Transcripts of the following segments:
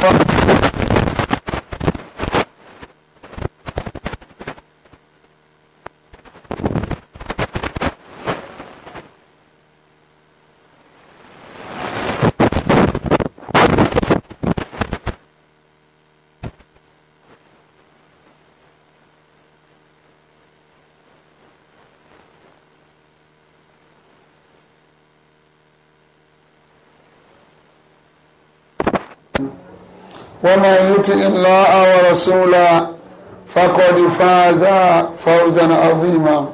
Thank ومن يطع الله ورسوله فقد فاز فوزا عظيما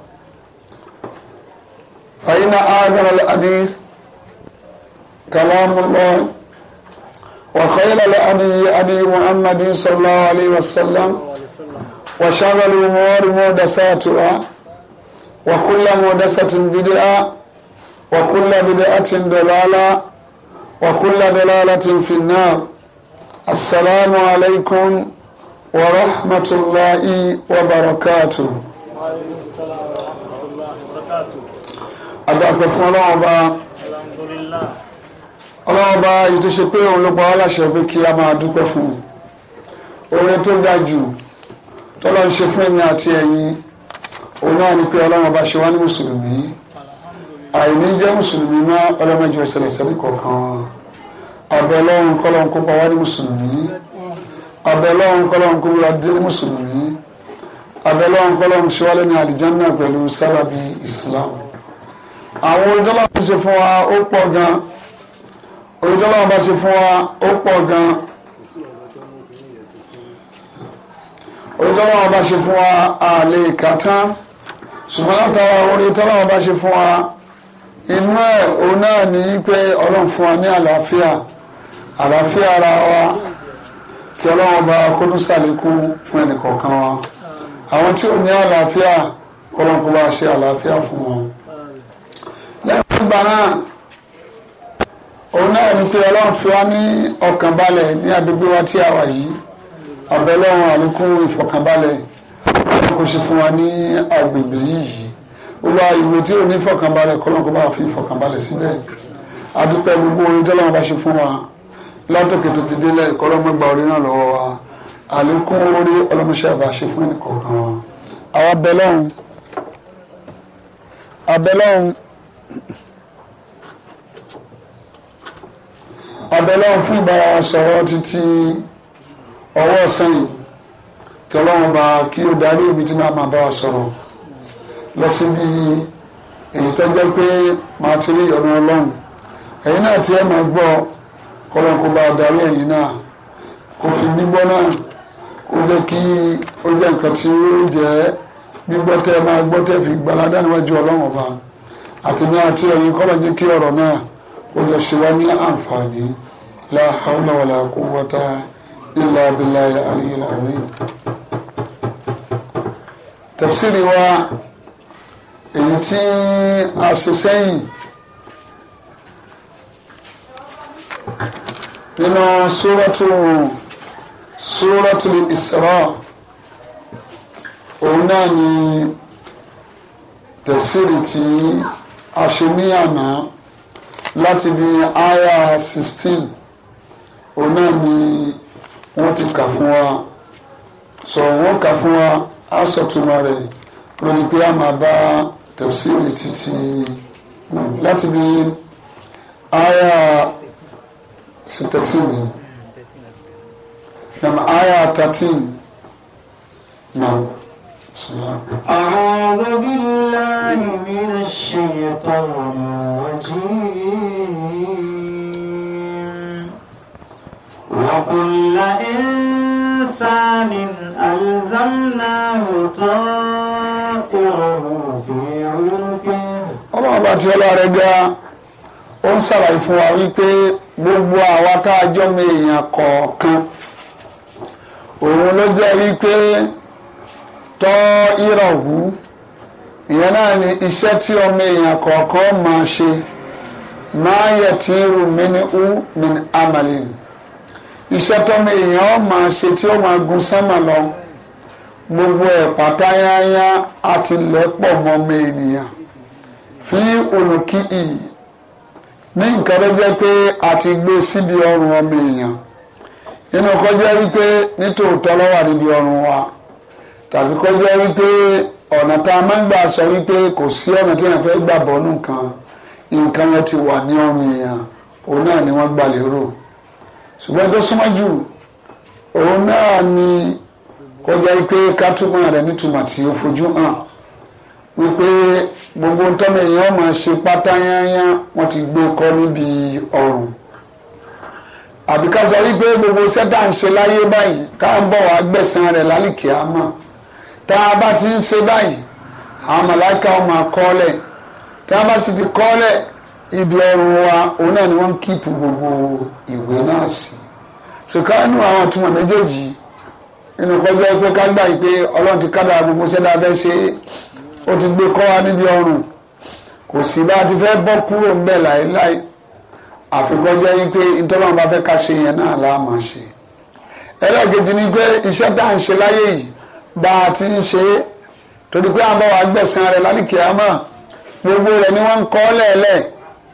فإن آخر الحديث كلام الله وخير الأدي ابي محمد صلى الله عليه وسلم وشر الأمور مودساتها وكل مودسة بدعة وكل بدعة ضلالة وكل ضلالة في النار asalaamu alaykum wa rahmatulahi wa barakatu. adàpẹ̀ fún ọlọ́run ọba ọlọ́run ọba yìí tó ṣe pé òun ló pa wá láṣẹ pé kí a máa dúpẹ́ fún un oore tó ga jù tọ́lọ́ ń ṣe fún èmi àti ẹ̀yin òun náà ni pé ọlọ́run ọba ṣe wá ní mùsùlùmí àìní jẹ́ mùsùlùmí mọ́ ọlọ́mọdé ọ̀sẹ̀lẹ̀ sẹ́ni kọ̀ọ̀kan wọn ọbẹ̀ lọ́run kọ́lọ́run kó bá wá ní mùsùlùmí ọbẹ̀ lọ́run kọ́lọ́run kó wúra dé ní mùsùlùmí ọbẹ̀ lọ́run kọ́lọ́run ṣe wálé ní àlìjánná pẹ̀lú sábàbí islam. àwọn olùdọ́là bá ṣe fún wa ó pọ̀ gan olùdọ́là bá ṣe fún wa ó pọ̀ gan olùdọ́là bá ṣe fún wa àlè kàtá ṣùgbọ́n látara orí tọ́lá bá ṣe fún wa inú ẹ̀ òun náà ní í pé ọlọ́run fún wa ní àlàáfíà àlàáfíà ara wa kí ọlọ́run bá kótó sàlékún fún ẹnìkọ̀ọ̀kan wa àwọn tí ò ní àlàáfíà kọ́lọ́n kó bá ṣe àlàáfíà fún wọn. lẹ́yìn ìgbà náà òun náà ni pé ọlọ́run fi wá ní ọkàn balẹ̀ ní agbègbè wa tí a wà yìí àbẹ̀lọ́run àlékún ìfọ̀kànbalẹ̀ kò sí fún wa ní agbègbè yìí olúwa ìwé tí ò ní ìfọ̀kànbalẹ̀ kọ́lọ́n kó bá fi ìfọ̀kànbalẹ̀ síbẹ̀ adúpẹ́ gbogbo orin tọ́lọ́run bá ṣe fún wa látòkè tó fi délẹ̀ ìkọlọ́mọgbà orí náà lọ́wọ́ wa àlékún orí ọlọ́mọṣẹ́ àbáṣe fún ẹnìkọ̀ọ̀kan wa. àwọn abẹ́lọ́hún abẹ́lọ́hún abẹ́lọ́hún fún ìbára wa sọ̀rọ̀ títí ọwọ́ ọ̀sán yìí kí ọlọ́run bá kí ó darí ibi tí máa máa bá wa sọ̀rọ̀ lọ síbi èyí tó jẹ́ pé màá ti rí ọ̀nà ọlọ́run ẹ̀yin náà ti ẹ̀ máa gbọ́ ọ kọ́lọ́n kó bá darí ẹ̀yìn náà kó fi gbígbọ́ náà kó jẹ́ kí ó jẹ́ nǹkan tí ó jẹ́ gbígbọ́ tẹ́ máa gbọ́ tẹ́ fi gbalada níwájú ọlọ́run ọba àti náà tí ẹ̀yin kọ́lọ́n jẹ́ kí ọ̀rọ̀ náà ó jọ ṣe wá ní àǹfààní la hawla wala quwwata illa billahi aliyyil azim tafsiri wa èyí tí a ṣe sẹ́yìn. nínú súrọ́tù súrọ́tù Isra òun náà ni tẹ̀síìrì tí a ṣe ní àná láti bí aya sixteen òun náà ni wọ́n ti kà fún wa sọ wọ́n kà fún wa á sọ̀túnmọ́ rẹ̀ lórí pé a máa bá tẹ̀síìrì títí láti bí aya sí thirteen yìí nam aya thirteen nam. أعوذ بالله من الشيطان الرجيم وكل إنسان ألزمناه طائره في عنقه. ọlọ́run bá ti ọlọ́run rẹ̀ ga ó ń ṣàlàyé fún wa wípé gbogbo àwa tá a jọ mọ èèyàn kọ̀ọ̀kan òun ló jẹ́ wípé tọ́ ìrọ̀wú ìyẹn náà ni iṣẹ́ tí ọmọ èèyàn kọ̀ọ̀kan máa ṣe máa yẹ tí irú mi ní ú mi ní amalin iṣẹ́ tọ́mọ èèyàn máa ṣe tí ó máa gun sánmà lọ gbogbo ẹ̀ pátáyáyá àti lẹ́pọ̀ mọ́mọ ènìyàn fi olùkí ìyí ní nǹkan tó jẹ́ pé a ti gbé síbi ọrùn ọmọ èèyàn nínú kó jẹ́ wípé nítòótọ́ ló wà níbi ọrùn wa tàbí kó wípé ọ̀nà tá a máa ń gbà sọ wípé kò sí ọ̀nà tí èèyàn fẹ́ gbà bọ́ nǹkan nǹkan yẹn ti wà ní ọrùn èèyàn òun náà ni wọ́n gbà lérò ṣùgbọ́n tó súnmọ́ jù òun náà ni kó jẹ́ wípé ká túmọ̀ rẹ̀ nítumọ̀ tí ó fojú hàn wípé gbogbo tọ́mọ èèyàn máa ṣe pátá yányán wọ́n ti gbé kọ́ níbi ọrùn àbí ká sọ wípé gbogbo sẹ́tà ń ṣe láyé báyìí ká ń bọ̀ wá gbẹ̀san rẹ̀ lálìkí àmọ́ tá a bá ti ń ṣe báyìí àwọn màláìka wọn máa tá a bá sì ti kọ́lẹ̀ ibi ọrùn wa òun náà ni wọ́n ń kíìpù gbogbo ìwé náà sí ṣùgbọ́n nínú àwọn ìtumọ̀ méjèèjì nínú kọjá pé ká gbà yìí pé ọlọ́run ti kádà gbogbo sẹ́tà fẹ́ ṣe é ó ti gbé kọ́ wa níbi kò sí bá ti fẹ́ bọ́ kúrò ń láéláé àfikún jẹ́ wípé fẹ́ ká ṣe yẹn náà la máa ṣe ẹlẹ́ẹ̀kejì ni pé iṣẹ́ tá láyé yìí bá ti ń ṣe é torí pé wa gbogbo rẹ̀ ni wọ́n ń kọ́ lẹ́ẹ̀lẹ́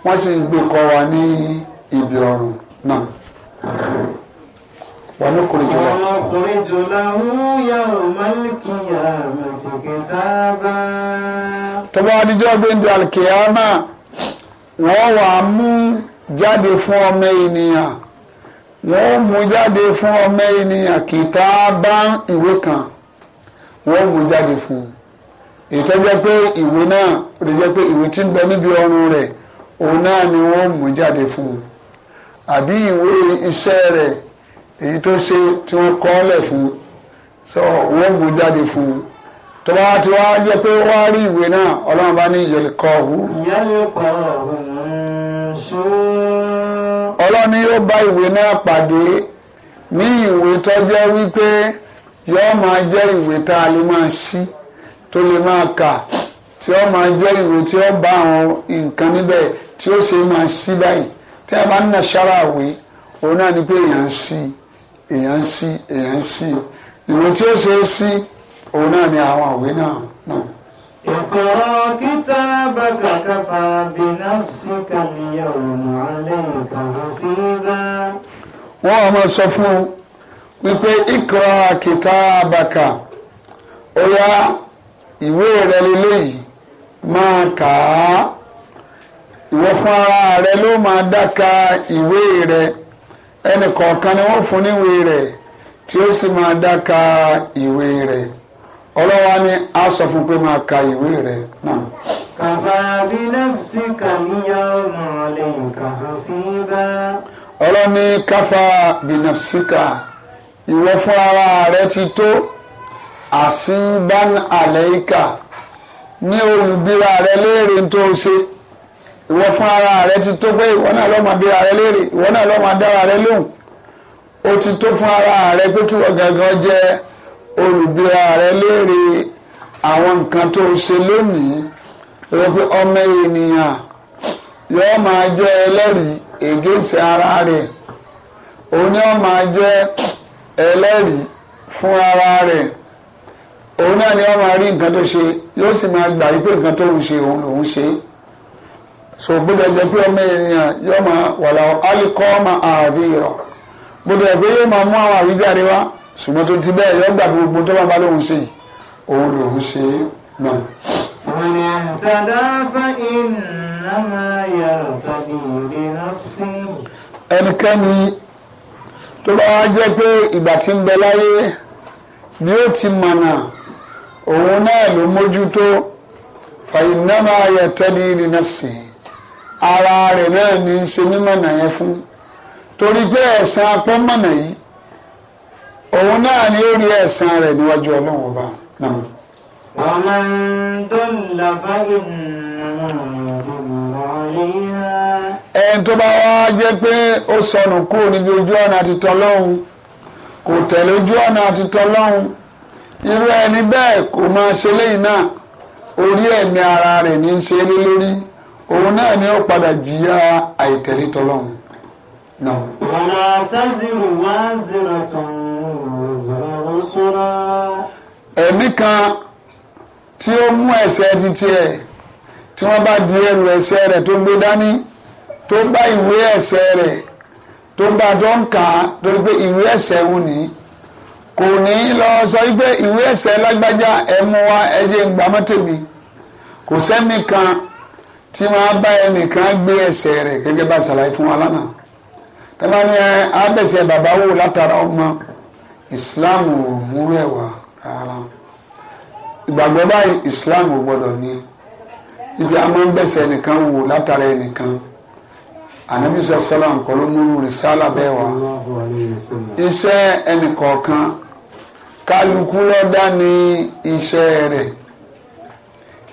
wọ́n sì ń gbé ibi ونخرج له ونخرج له يوم القيامة كتابا tó bá adijọ́ gbẹ̀ndé alikiyama wọ́n wà á mú jáde fún ọmọ ènìyàn wọ́n mú jáde fún ọmọ ènìyàn kìtàbá ìwé kan wọ́n mú jáde fún ìtọ́jọ́ pé ìwé náà ó jẹ́ pé ìwé tí ń bẹ níbi ọrùn rẹ̀ òun náà ni wọ́n mú jáde fún àbí ìwé iṣẹ́ rẹ̀ èyí tó ṣe tí wọ́n kọ́ lẹ̀ fún sọ wọ́n mú jáde fún un tó bá ti wá yẹ pé wá rí ìwé náà ọlọ́run bá ní ìyẹlẹ kọ́ ọ̀hún. ìyẹlẹ kọ́ ọ̀hún ṣó. ọlọ́run yóò bá ìwé náà pàdé ní ìwé tó jẹ́ wípé yóò máa jẹ́ ìwé tá a lè máa ṣí tó lè máa kà tí ó máa jẹ́ ìwé tí ó bá àwọn nǹkan níbẹ̀ tí ó ṣe máa ṣí báyìí tí a bá ń nà ṣára ìwé òun náà ni pé èèyàn ń ṣí i èèyàn ń sí èèyàn ń sí ìwé tí ó ṣe é sí òun náà ni àwọn òwe náà náà. اقرأ كتابك كفى بنفسك اليوم عليك حسيبا. wọ́n á máa sọ fún un wípé اقرأ كتابك ó yá ìwé rẹ lélẹ́yìí máa kà á ìwọ fún ara rẹ ló máa dáka ìwé rẹ ẹnì kọ̀ọ̀kan ni wọ́n fún níwèé rẹ̀ tí ó sì máa dáka ìwé rẹ̀ ọlọ́wà ni a sọ fún pé máa ka ìwé rẹ̀ náà. kàfà bínáfsì kàníyà mọ̀ọ́lẹ̀ nǹkan sí bá. ọlọ́ni káfà bínáfsìkà ìwọ fún ara rẹ ti tó àsìnbán àlẹ́yìká ní olùbíra rẹ léèrè tó ṣe ìwọ fún ara rẹ ti tó pé ìwọ náà lọ́ọ́ máa bí ara rẹ léèrè ìwọ náà lọ́ọ́ máa dára rẹ lóhùn ó ti tó fún ara rẹ pé kí wọ́n gangan jẹ́ olùbíra rẹ léèrè àwọn nǹkan tó ṣe lónìí lọ pé ọmọ ènìyàn yóò máa jẹ́ ẹlẹ́rìí ègéṣe ara rẹ̀ òun ni ó máa jẹ́ ẹlẹ́rìí fún ara rẹ̀ òun náà ni ó máa rí nǹkan tó ṣe yóò sì máa gbà wípé nǹkan tó ń ṣe òun lòun ṣe é so gbọ́dọ̀ jẹ́ pé ọmọ ènìyàn yọ máa wàlà alikọ́ máa àdé rọ̀ gbọ́dọ̀ jẹ́ pé yóò máa mú àwọn àwíjàre wá ṣùgbọ́n tó ti bẹ́ẹ̀ yọ gbà gbogbo tó bá bá lóun ṣe yìí òun lòun ṣe náà. ومن اهتدى فإنما يرتدي لنفسه ẹnikẹ́ni tó bá wá jẹ́ pé ìgbà tí ń bẹ láyé bí ó ti mọ̀nà òun náà ló mójútó fàyínnámà yẹtẹ́ni ní nafsihi ara rẹ̀ náà ní í ṣe mímọ̀nà yẹn fún torí pé ẹ̀san mọ̀nà yìí òun náà ni ó rí ẹ̀san rẹ̀ níwájú ọlọ́run ọba náà. ọmọ ẹni tó bá wá jẹ́ pé ó sọnù kúrò níbi ojú ọ̀nà àtitọ́ lọ́hùn kò tẹ̀lé ojú ọ̀nà àtitọ́ lọ́hùn irú ẹni bẹ́ẹ̀ kò máa ṣe náà orí ẹ̀mí ara rẹ̀ ní í ṣe é lé òun náà ni ó padà jìyà àìtẹ̀lé tọlọ́run náà. wàlá taziru wá zero tán zoro kúrò. ẹ̀mí kan tí ó mú ẹ̀ṣẹ̀ títí ẹ̀ tí wọ́n bá di ẹrù ẹ̀ṣẹ̀ rẹ̀ tó gbé dání tó bá ìwé ẹ̀ṣẹ̀ rẹ̀ tó bá tó ń kà á torí pé ìwé ẹ̀ṣẹ̀ wù ní kò ní lọ sọ wípé ìwé ẹ̀ṣẹ̀ lágbájá ẹ̀ mú wa ẹ̀ jẹ́ gbàmọ́tèmi kò sẹ́ni kan tí wọ́n bá ẹnìkan gbé ẹsẹ̀ rẹ̀ gẹ́gẹ́ bá ṣàlàyé fún wa lánàá tẹ́lá ni abẹ́sẹ̀ bàbá wò látara ọmọ islam ò múrú ẹ̀ wá rárá ìgbàgbọ́ báyìí islam ò gbọ́dọ̀ ní ibi àmọ́ bẹ́sẹ̀ ẹnìkan wò látara ẹnìkan ànábì sọ sálàm kọ́ ló múrú rìsálà bẹ́ẹ̀ wá iṣẹ́ ẹnìkọ̀ọ̀kan kálukú lọ́dá ní iṣẹ́ rẹ̀.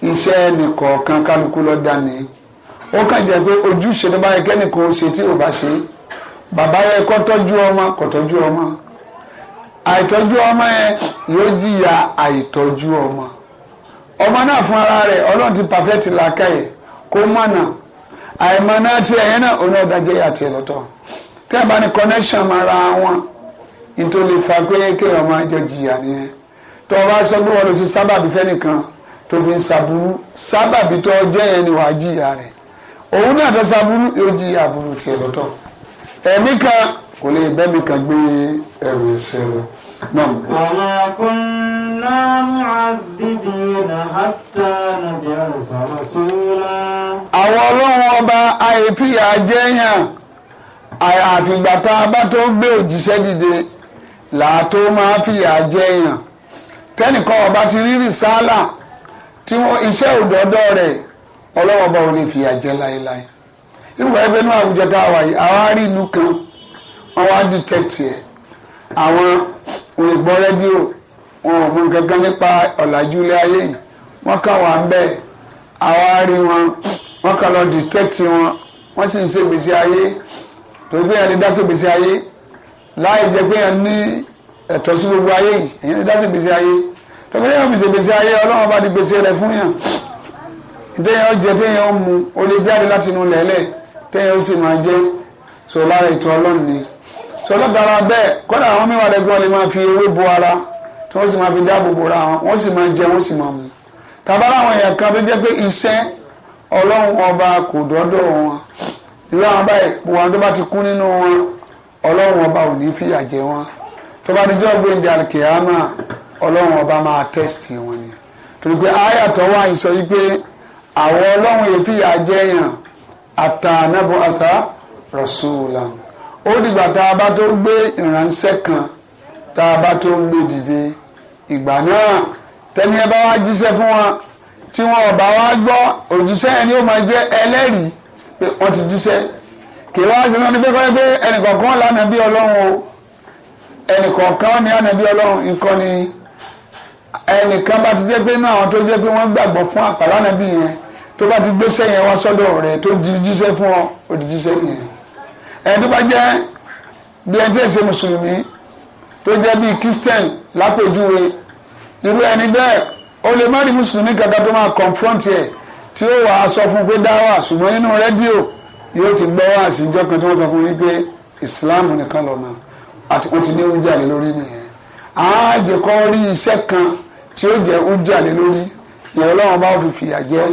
iṣẹ́ ẹnìkọ̀ọ̀kan kálukú lọ́dà ni ó kàn jẹ́ pé ojúṣe ṣe tí ò bá ṣe bàbá yẹ kọ́ tọ́jú ọmọ kó tọ́jú ọmọ àìtọ́jú ọmọ yẹn yóò jìyà àìtọ́jú ọmọ ọmọ náà fún ara rẹ̀ ọlọ́run ti pàfẹ́tì làákàyè kó mọ̀nà àìmọ̀nà tí ẹ̀yẹn náà òun náà dájẹ́ àti ẹ̀ tẹ́ ẹ bá ní connection tó fi ń ṣàbúrú sábàbí tó jẹ́ yẹn ni wàá jìyà rẹ̀ òun náà tó ṣàbúrú yóò jìyà àbúrú tiẹ̀ lọ́tọ̀ ẹ̀mí kan kò lè bẹ́mi kan gbé ẹrù ẹ̀ṣẹ̀ rẹ̀ náà. wàlá kunna mu'azzibina hatta nab'atha rasula. àwọn ọlọ́run ọba àìpíyà jẹ́yàn àfìgbà tá a bá tó gbé òjíṣẹ́ dìde làá tó máa fìyà jẹ́yàn tẹ́nìkan ọba ti rí rìsálà tí wọ́n iṣẹ́ òdòdó rẹ̀ ọlọ́wọ́n bá wọn lè fìyà jẹ láéláé nígbà ẹgbẹ́ náà àwùjọ tá a wà yìí àwa rí ìlú kan wọ́n wá dìtẹ́kìtì ẹ̀ àwọn òye gbọ́ rédíò wọn ò mú gangan nípa ọ̀làjú ilé ayé yìí wọ́n kà wá ń bẹ̀ àwa rí wọn wọ́n kà lọ dìtẹ́kìtì wọn wọ́n sì ń ṣègbésí ayé torí pé yẹn lè dá ṣègbésí ayé láì jẹ́ pé yẹn ní ẹ̀tọ́ sí gbogbo ayé yìí èyàn lè dá ṣègbésí ayé tọ́pẹ́ yẹn fi ṣègbèsè ayé ọlọ́run bá di gbèsè rẹ̀ fún yàn téèyàn jẹ téèyàn mu ó lè jáde láti inú lẹ́lẹ̀ téèyàn ó sì máa jẹ sọ lára ètò ọlọ́run ni sọ lọ́dara bẹ́ẹ̀ kọ́dà àwọn mẹ́wàá dẹ́gbọ́n lè máa fi ewé bo ara tí wọ́n sì máa fi dáàbò bo ra wọn wọ́n sì máa jẹ wọ́n sì máa mu tàbá láwọn èèyàn kan tó jẹ́ pé iṣẹ́ ọlọ́run ọba kò dọ́dọ̀ wọn irú àwọn báyìí wọn tó bá ti kú nínú wọn ọlọ́run ọba ò ní fìyà jẹ wọn tó bá dijọ́ gbé ìdàkẹ́ àmà ọlọ́run ọba máa tẹ́sítì wọn ni torí pé àyà tó wà yìí sọ wípé àwọn ọlọ́run èéfì yà jẹ́ èèyàn àtànàbọ àṣà rọ̀ṣùlà ó dìgbà tá a bá tó gbé ìránṣẹ́ kan tá a bá tó gbé dìde ìgbà náà tẹ́ni ẹ bá wá jíṣẹ́ fún wọn tí wọn ọba wá gbọ́ òjíṣẹ́ yẹn ni ó máa jẹ́ ẹlẹ́rìí pé wọ́n ti jíṣẹ́ kì wá sí náà ní pé kọ́lé pé lánàá bí ọlọ́run o ẹnìkọ̀ọ̀kan ní ànàbí ọlọ́run nǹkan ni ẹnìkan bá ti jẹ́ pé inú àwọn tó jẹ́ pé wọ́n gbàgbọ́ fún àpàlà nàbí yẹn tó bá ti gbéṣẹ́ yẹn wá sọ́dọ̀ rẹ̀ tó jíṣẹ́ fún ọ ó ti jíṣẹ́ yẹn ẹni tó bá jẹ́ bí ẹni tí ì ṣe mùsùlùmí tó jẹ́ bíi christian lápèjúwe irú ẹni bẹ́ẹ̀ ó lè má rí mùsùlùmí kankan tó máa confront ẹ̀ tí ó wàá sọ fún pé dáwà ṣùgbọ́n nínú rédíò yóò ti gbọ́ wá sí kan tí wọ́n sọ fún yín pé islam nìkan lọ́nà àti wọ́n ti ní oúnjẹ àlè lórí nìyẹn àá rí iṣẹ́ kan tí ó jẹ́ oúnjẹ àlè lórí ìyẹn ọlọ́run bá fi fìyà jẹ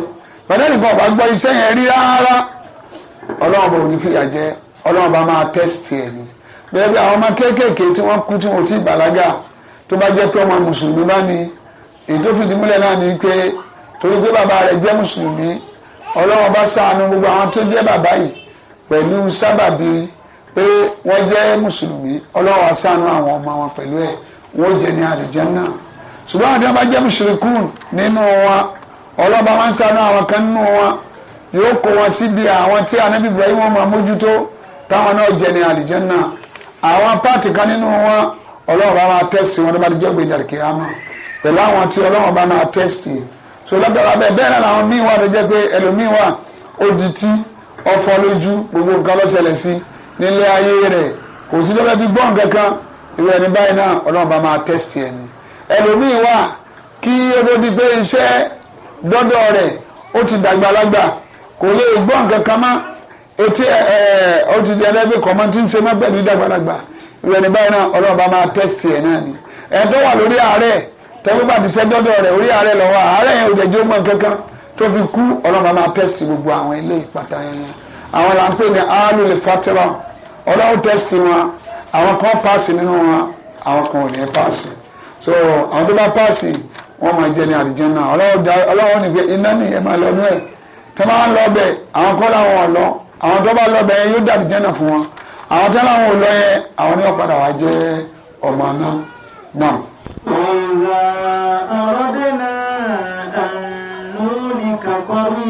bàtà nìkan ọba gbọ́ iṣẹ́ yẹn rí rárá ọlọ́run bá òní fìyà jẹ ọlọ́run bá máa tẹ́sítì ẹ̀ ni bẹ́ẹ̀ bí àwọn ọmọ kéékèèké tí wọ́n kú tí wọ́n ti bàlágà tó bá jẹ́ pé ọmọ mùsùlùmí bá ní ètò fìdímúlẹ̀ náà ni pé torí pé bàbá rẹ̀ jẹ́ mùsùlùmí ọlọ́run bá ṣàánú gbogbo àwọn tó jẹ́ bàbá yìí pẹ̀lú sábàbí pé wọ́n jẹ́ mùsùlùmí ọlọ́run á ṣàánú àwọn ọmọ wọn pẹ̀lú ẹ̀ wọ́n jẹ́ ní àlìjẹ́ náà ṣùgbọ́n àti wọn bá jẹ́ mùsùlùkùn nínú wọn ọlọ́ba máa ń sanu àwọn kan nínú wọn yóò kó wọn síbi àwọn tí anabi ibrahim wọn máa mójútó táwọn náà jẹ ní àlìjẹ́nà àwọn páàtì kan nínú wọn ọlọ́run máa tẹ́sì wọn tó bá ti jọ́ pẹ̀lú àwọn tí ọlọ́run máa tẹ́sì so lọ́dọ̀ọ́ abẹ́ bẹ́ẹ̀ náà làwọn míì wà tó jẹ́ pé ẹlòmíì wà ó di tí ọfọ́ lójú gbogbo nǹkan ló ṣẹlẹ̀ sí nílé ayé rẹ̀ ẹlòmíì wà kí ó tó di pé iṣẹ́ dọ́dọ̀ rẹ̀ ó ti dàgbà kò lè gbọ́ nǹkan kan etí ẹ ó ti di tí ń ṣe má pẹ̀lú dàgbà lágbà báyìí náà ọlọ́run máa tẹ́sítì ẹ̀ náà ni ẹ̀ wà lórí ààrẹ bá ti dọ́dọ̀ rẹ̀ gbogbo àwọn ilé ìpàtà yẹn yẹn àwọn là ń pè ní fatira tẹ́sítì wọn àwọn kan nínú wọn àwọn kan so àwọn tó bá pààsì wọ́n máa jẹ ní àlìjẹ́nà ọlọ́wọ́ ní pé iná ní ẹ̀ máa lọ ní ẹ̀ tó máa ń lọ bẹ̀ àwọn kọ́ làwọn ò lọ àwọn tó bá lọ bẹ̀ yóò dà àlìjẹ́nà fún wọn àwọn tó làwọn ò lọ yẹ àwọn ní ọ̀padà wá jẹ́ ọmọ náà náà. ọ̀la ọ̀rọ̀dẹ́nà àánú ní kakọ́rí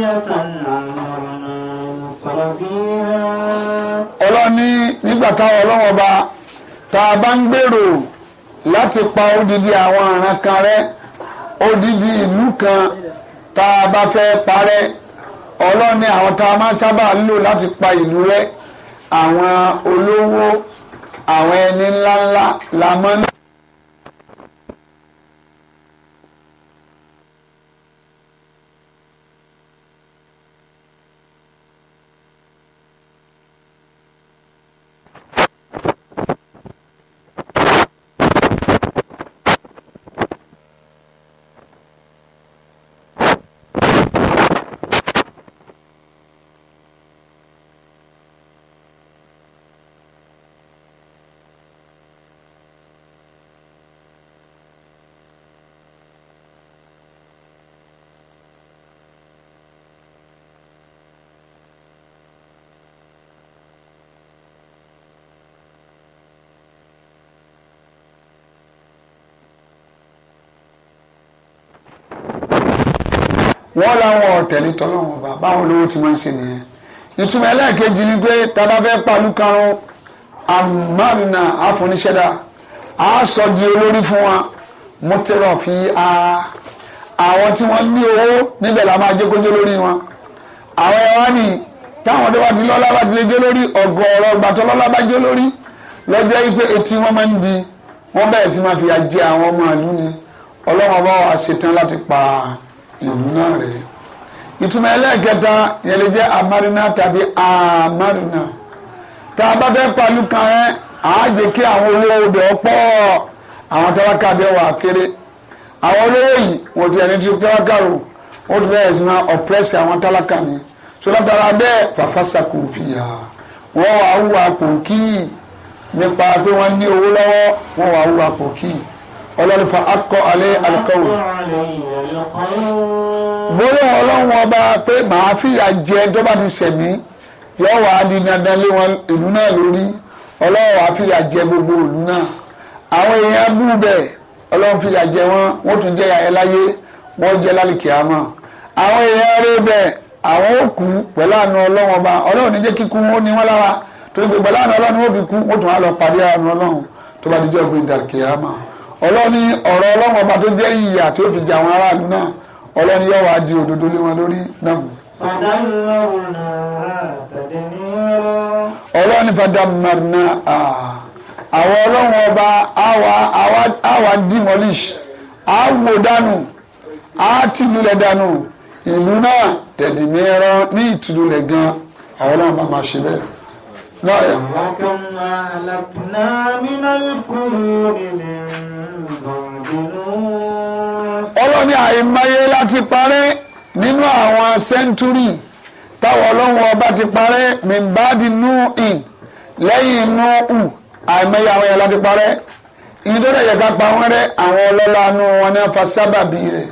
ọlọ́ni nígbà táwọn ọlọ́wọ́ bá tá a bá ń gbèrò láti pa odidi àwọn ìran kan rẹ odidi ìlú kan tá a bá fẹ́ parẹ́ ọlọ́run ní àwọn tá a máa sábà lò láti pa ìlú rẹ àwọn olówó àwọn ẹni ńláńlá la mọ́ náà. wọ́n láwọn ọ̀tẹ̀lẹ̀ tọ́lọ́wọ́n bá báwọn olówó ti máa ń ṣe nìyẹn ìtumọ̀ ẹlẹ́ẹ̀kejì ni pé tábà fẹ́ palu karùn amánà àfọníṣẹ́dá a sọ di olórí fún wa mọ́tẹ́rọ̀ fi a àwọn tí wọ́n ní owó níbẹ̀ la máa jẹ́ kójó lórí wọn àwọn ẹ̀wá ni táwọn tó bá ti lọ́lá bá ti lè jẹ́ lórí ọ̀gọ̀ọ̀rọ̀ gbàtọ́ lọ́lá bá jẹ́ lórí lọ́jọ́ yìí pé etí wọ́n máa ń di wọ́n bẹ̀rẹ̀ sí máa fìyà jẹ àwọn ọmọ ìlú ni ọlọ́run ọba wa ṣetán láti pa á ìlú náà rèé ìtumọ̀ ẹlẹ́ẹ̀kẹta amarina tàbí amarina ta a bá fẹ́ palu kan ẹ àájẹ kí àwọn olówó odò ọ̀pọ̀ àwọn tálákà bẹ wà kéré àwọn yìí wọn ti ẹni tí wọn ni kò fi kò kí nípa pé ní owó ọlọ́run fa akọ alẹ́ alikọ́wò. bóyá ọlọ́run ọba pé màá fìyà jẹ tó bá ti ṣẹ̀mí yóò wá di dandan lé wọn ìlú náà lórí ọlọ́run wá fìyà jẹ gbogbo ìlú náà àwọn èèyàn bú bẹ́ẹ̀ ọlọ́run fìyà jẹ wọn wọ́n tún jẹ́ yàrá láyé wọ́n jẹ́ lálìkè àmọ́ àwọn èèyàn rẹ bẹ́ẹ̀ àwọn ò kú pẹ̀lú àánú ọlọ́run ọba ọlọ́run ní kíkú wọn ní wọn lára torí pé pẹ̀lú àánú ọlọ́run ó fi kú wọ́n tún wá lọ parí àánú ọlọ́run tó bá dijọ́ gbé dàkè àmọ́ ọlọ́ni ọ̀rọ̀ ọlọ́run ọba tó jẹ́ ìyà tí fi jà àwọn aráàlú náà ọlọ́ni yóò wá di òdodo lé wọn lórí náà. ọlọ́ni fada marina àwọn ọlọ́run ọba àwa demolish àwò dànù àtìlúlẹ̀ dànù ìlú náà tẹ̀dìmẹ́rọ ní ìtìlúlẹ̀ gan àwọn ọlọ́run bá máa ṣe bẹ́ẹ̀. نعم وكم أهلكنا من القرون من ọlọ́run ní àìmọye láti parẹ́ nínú àwọn sẹ́ńtúrì táwọn ọlọ́run ọba ti parẹ́ mìmbáàdì nùhìn lẹ́yìn nùhù àìmọye àwọn yẹn láti parẹ́ ìdọ́dọ̀ yẹ ká pa wọ́n rẹ́ àwọn ọlọ́lá nù wọn ní afa sábàbí rẹ̀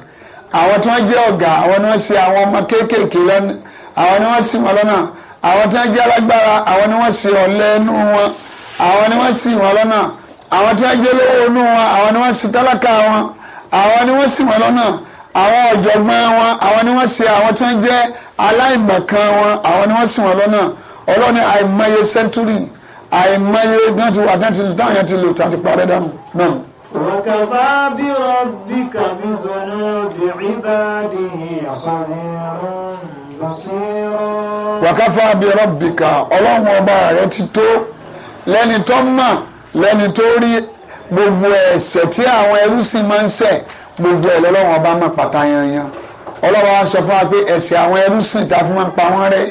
àwọn tí wọ́n jẹ́ ọ̀gá àwọn ni wọ́n ṣì àwọn ọmọ kéékèèké lọ́nà àwọn ni wọ́n ṣì wọn lọ́nà àwọn tí wọ́n jẹ́ alágbára àwọn ni wọ́n ṣe ọ̀lẹ inú wọn àwọn ni wọ́n ṣì wọ́n lọ́nà àwọn tí wọ́n jẹ́ lówó inú wọn àwọn ni wọ́n ṣì tálákà wọn àwọn ni wọ́n ṣì wọ́n lọ́nà àwọn ọ̀jọ̀gbọ́n wọn àwọn ni wọ́n ṣe àwọn tí wọ́n jẹ́ aláìmọ̀kan wọn àwọn ni wọ́n ṣì wọ́n lọ́nà ọlọ́ni àìmọye sẹ́ńtúrì àìmọye dáńtì àdáńtì táwọn yẹn ti lò tàbí parẹ́ dànù náà. وكفى بربك بذنوب عباده خبيرا wàkàfà bírọ̀bìkà ọlọ́run ọba rẹ ti tó lẹ́ni tó mọ̀ lẹ́ni tó rí gbogbo ẹ̀ṣẹ̀ tí àwọn ẹrú sì máa ń ṣẹ̀ gbogbo ẹ̀ lọ́lọ́run ọba mọ̀ pátá yanyan ọlọ́run wa sọ fún wa pé ẹ̀ṣẹ̀ àwọn ẹrú sì tá a fi máa ń pa wọ́n rẹ́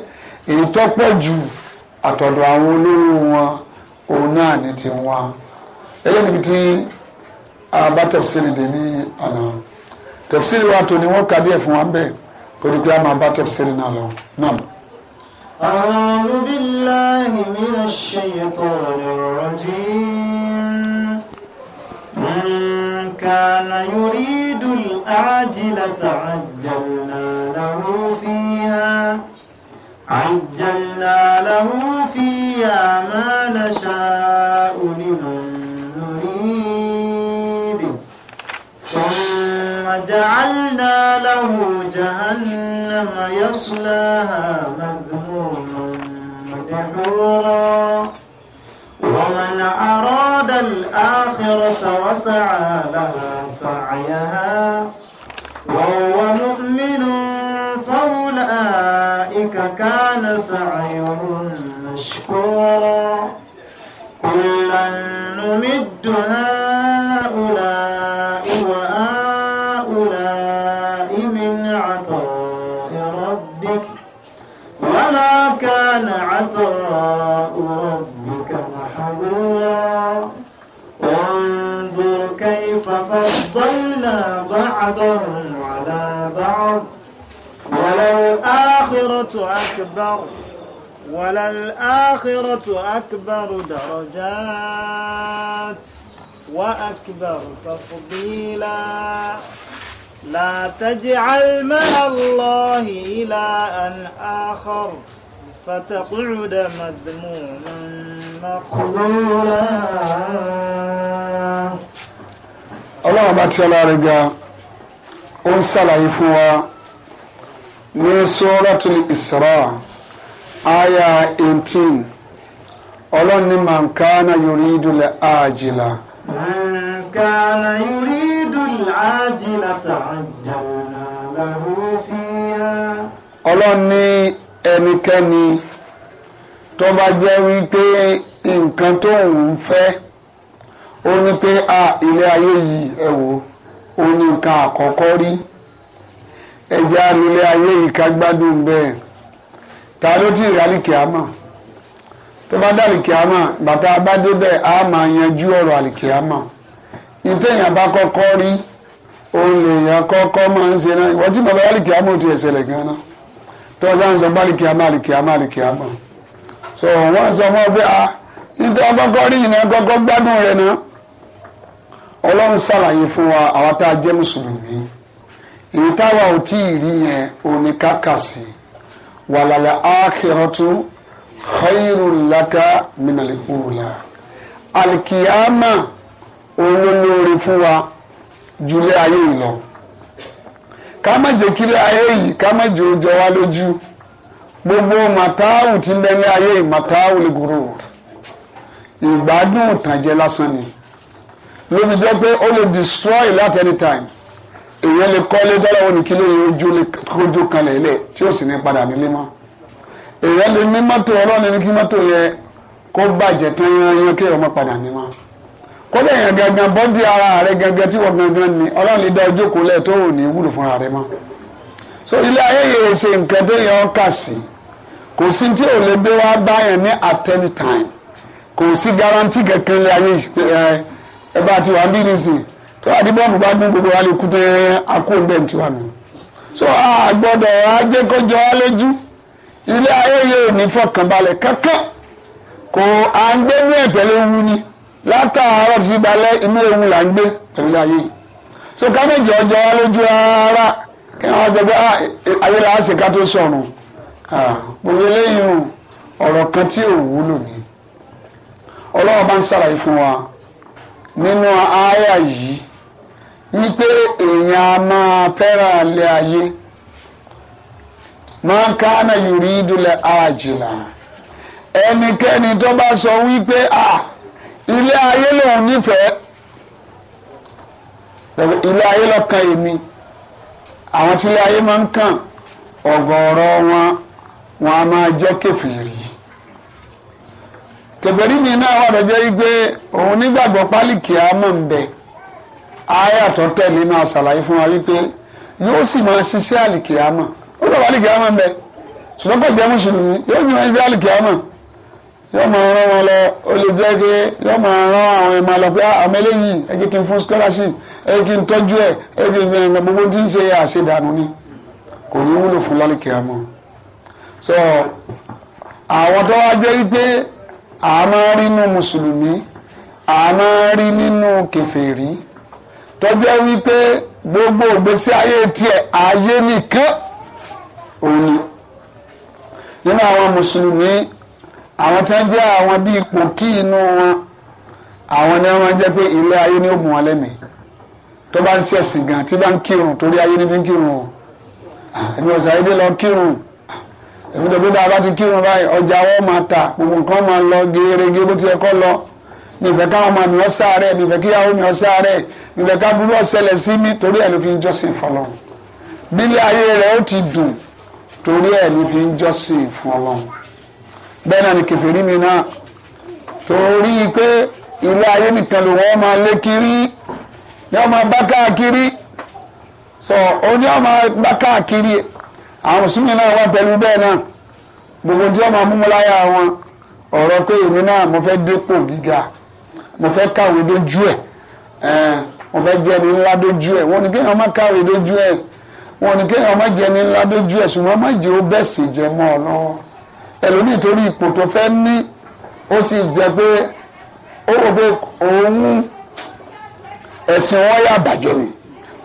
èyí tó pọ̀ jù àtọ̀dọ̀ àwọn olówó wọn òun náà ní ti wọn eléyìí níbi tí a dé ní àná tẹ̀síìrì wa tò ní wọ́n kà díẹ̀ fún wa bẹ́ẹ̀ kódì pé a máa bá tẹ̀síìrì náà lọ náà. أعوذ بالله من الشيطان الرجيم من كان يريد الأعجلة عجلنا له فيها عجلنا له فيها ما نشاء وجعلنا له جهنم يصلاها مذموما مدحورا ومن أراد الآخرة وسعى لها سعيها وهو مؤمن فأولئك كان سعيهم مشكورا كلا نمد هؤلاء عطاء ربك محمورا وانظر كيف فضلنا بعضهم على بعض وللآخرة أكبر وللآخرة أكبر درجات وأكبر تفضيلا لا تجعل مع الله إلى آخر فتقعد مذموما مقبولا ọlọ́run bá tí ọlá rẹ̀ ga ó ń ṣàlàyé fún wa ní suratul Isra aya eighteen ọlọ́run ní man kana yuridul ajila. man kana yuridul ajila ta'ajjalna lahu fiha. ọlọ́run ní ẹnikẹ́ni tó bá jẹ́ wípé nǹkan tó ń fẹ́ ó ní pé a ilé ayé yìí ẹ wò ó ní nǹkan àkọ́kọ́ rí ayé yìí ti tó bá bàtà máa yanjú ọ̀rọ̀ àlìkìámà ìtẹ̀yìn bá kọ́kọ́ rí òun kọ́kọ́ máa ń ṣe náà ìwọ́n tí bàbá ò ti tó ọjà ń sọ gbálìkì àmà àlìkì àmà so wọ́n sọ fún ọ pé a nítorí ọgọ́gọ́ rí iná gọ́gọ́ gbádùn rẹ̀ náà ọlọ́run ṣàlàyé fún wa àwa tá a jẹ́ mùsùlùmí èyí táwa ò tí ì rí yẹn òní kákàsí wàlàlà ákìrọ̀tù khairul laka minal ula àlìkìyàmà olólórí fún wa jùlẹ̀ ayé ìlọ ká má jẹ́ kí ayé yìí ká má jẹ́ òjò wa lójú gbogbo màtáwù tí ń bẹ ní ayé yìí màtáwù lè gòrò ìgbádùn ìtànjẹ lásán ni lóbi jẹ́ pé ó lè destroy láti any time èèyàn lè kọ́lé dọ́lọ́wọ́ ní kílé ojú lè kójú kan lẹ́lẹ̀ tí ó sì ní padà nílé mọ́ èèyàn lè ní ọlọ́ọ̀ni ní kí mọ́tò yẹ kó bàjẹ́ tán yán yán kéèyàn má padà ní kódà èèyàn gangan bọ́dí ara rẹ gangan tí wọ́n gangan ni ọlọ́run lè dá ọjọ́ kó lẹ̀ tó ò ní wúlò fúnra rẹ mọ́ so ilé ayé yìí ṣe nǹkan téèyàn kà sí kò sí tí ò lè dé wá báyẹn ní at any time kò sí guarantee kankan lé ayé ẹ bá ti wà ń bí nísìnyí tó bá di bọ́ọ̀mù bá gún gbogbo wa lè kú tẹ́ akóńgbẹ̀ tí wà nù. so a gbọ́dọ̀ ajẹ́kọ̀jọ́ wa lójú ilé ayé yìí ò ní fọkànbalẹ̀ kankan kò à ń gbé ní ẹ̀tẹ́lẹ́wú ni. látàárọ̀ sí balẹ̀ inú ewu là ń gbé pẹ̀lú ayé so ká méjì ọjọ́ wa lójú ara kí wọ́n sọ pé ah, ayé la ṣe ká tó sọ̀rùn gbogbo ah, eléyìí o ọ̀rọ̀ kan tí ò wúlò ọlọ́wọ́ bá ń ṣàlàyé fún wa nínú àyà yìí wípé èèyàn a máa fẹ́ràn alẹ́ ayé máa ń àjìlá ẹnikẹ́ni tó sọ wípé ah ilé ayé lòun nífẹ̀ẹ́ ilé ayé lọ́kàn èmi àwọn tí ilé ayé máa ń kàn ọ̀gọ̀ọ̀rọ̀ wọn wọn a máa jẹ́ kèfèrí kèfèrí mi náà wà lọ́jọ́ yìí pé òun nígbàgbọ́ pálíkì àmọ́ ń bẹ àyà tẹ̀lé máa ṣàlàyé fún wa wípé yóò sì máa ṣiṣẹ́ àlìkè àmọ́ ó lọ́ọ́ pálíkì àmọ́ ń bẹ ṣùgbọ́n pẹ̀jẹ́ mùsùlùmí yóò sì máa ṣiṣẹ́ àlìkè àmọ́ yóò máa rán wọn lọ ó lè jẹ́ pé yóò máa rán àwọn ẹ̀ma lọ pé ah, àmọ́ eléyìí ẹ jẹ́ kí n fún scholarship ẹ jẹ́ kí n tọ́jú ẹ ẹ jẹ́ kí n gbogbo tí ń ṣe àṣedànù ni kò ní wúlò fún lálẹ́kì àmọ́ so àwọn tó wá jẹ́ pé a máa rí nínú mùsùlùmí a rí nínú kèfèrí tó jẹ́ wípé gbogbo ìgbésí ayé tiẹ̀ ayé nìkan òun ni nínú àwọn mùsùlùmí àwọn tí wọ́n jẹ́ àwọn bíi ipò kí inú wọn àwọn ni wọ́n jẹ́ pé ilé ayé ni ó mú wọn lẹ́mìí tó bá ń ṣẹ̀sìn gan tí bá ń kírun torí ayé ni fi ń kírun o èmi ò sàyédé lọ kírun èmi tó bí dáa bá ti kírun báyìí ọjà wọn máa ta gbogbo nǹkan máa lọ gẹ́gẹ́ bó ti yẹ kó lọ nífẹ̀ẹ́ káwọn ọmọ mi ọ sáárẹ̀ nífẹ̀ẹ́ kíyàwó mi ọ sáárẹ̀ nífẹ̀ẹ́ kábúrú ọ̀sẹ̀lẹ̀ sí mi torí ẹ̀ ló fi ń jọ́sìn fọlọ́ bílẹ̀ ayé rẹ̀ ó ti dùn torí ẹ̀ ló fi ń jọ́sìn fọlọ́ bẹ́ẹ̀ náà ni kèfèrí mi náà torí pé ilé ayé nìkan ló wọ́n máa lé kiri ni wọ́n máa bá káàkiri sọ oní wọ́n máa bá káàkiri àwọn mùsùlùmí náà wà pẹ̀lú bẹ́ẹ̀ náà gbogbo tí wọ́n máa mú láyà wọn ọ̀rọ̀ pé èmi náà mo fẹ́ dépò gíga mo fẹ́ kàwé dójú ẹ̀ eh, mo fẹ́ jẹni ńlá dójú ẹ̀ wọ́n ní kéèyàn má kàwé dójú ẹ̀ wọ́n ní kéèyàn má jẹni ńlá dójú ẹ̀ ṣùgbọ́n má jẹ́ ó bẹ̀sì jẹ mọ́ ọ lọ́wọ́ ẹlòmíì torí ipò tó fẹ́ ní ó sì jẹ́ pé ó rò pé òun ẹ̀sìn wọn yà bàjẹ́ ni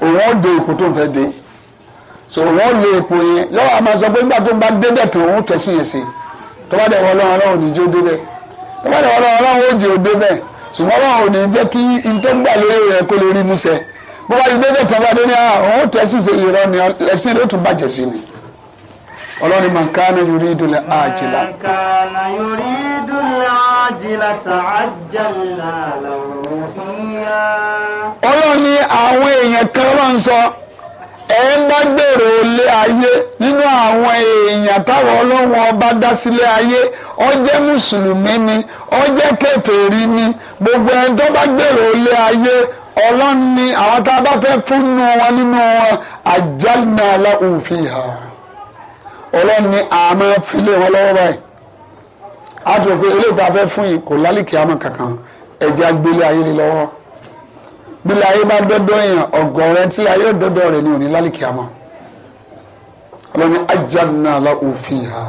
òun ó de ipò tó fẹ́ de so wọn lo ipò yẹn lọ́wọ́ a máa sọ pé nígbà tó bá débẹ̀ tó òun tẹ̀sí yẹn sí tó bá dẹ̀ wọ́n lọ́wọ́ ọlọ́run níjó débẹ̀ tó bá dẹ̀ wọ́n lọ́wọ́ ọlọ́run ó jẹ́ ó débẹ̀ ṣùgbọ́n ọlọ́run ò ní jẹ́ kí n tó gbà lórí rẹ̀ kó lè rí mú bó bá ti débẹ̀ tó bá ní àwọn ah, òun tẹ̀sí ṣe ìrọ́ ni ẹ̀sìn ló tún bàjẹ́ sí ni. ọlọ́ni mankana yorí ìdúlẹ̀ àjìlá. yorí ìdúlẹ̀ àjìlá ta'ajjalna lahu àwọn èèyàn kan ló ń sọ ẹ ń bá gbèrò nínú àwọn èèyàn táwọn ọlọ́run ọba dá sílé ayé ó jẹ́ mùsùlùmí ni jẹ́ ni gbogbo ẹni tó bá gbèrò nínú wọn ọlọ́run ní àmọ́ filé wọn lọ́wọ́ báyìí á tó pé eléyìí tá a fẹ́ fún yìí kò lálìkì àmọ́ kankan ẹ̀jẹ̀ agbélé ayé lé lọ́wọ́ bílẹ̀ ayé bá dọ́dọ́ yẹn ọ̀gọ̀rẹ́ tí ayé òdodo rẹ̀ ni òní lálìkì àmọ́ ọlọ́run ní ajanna la òfin ha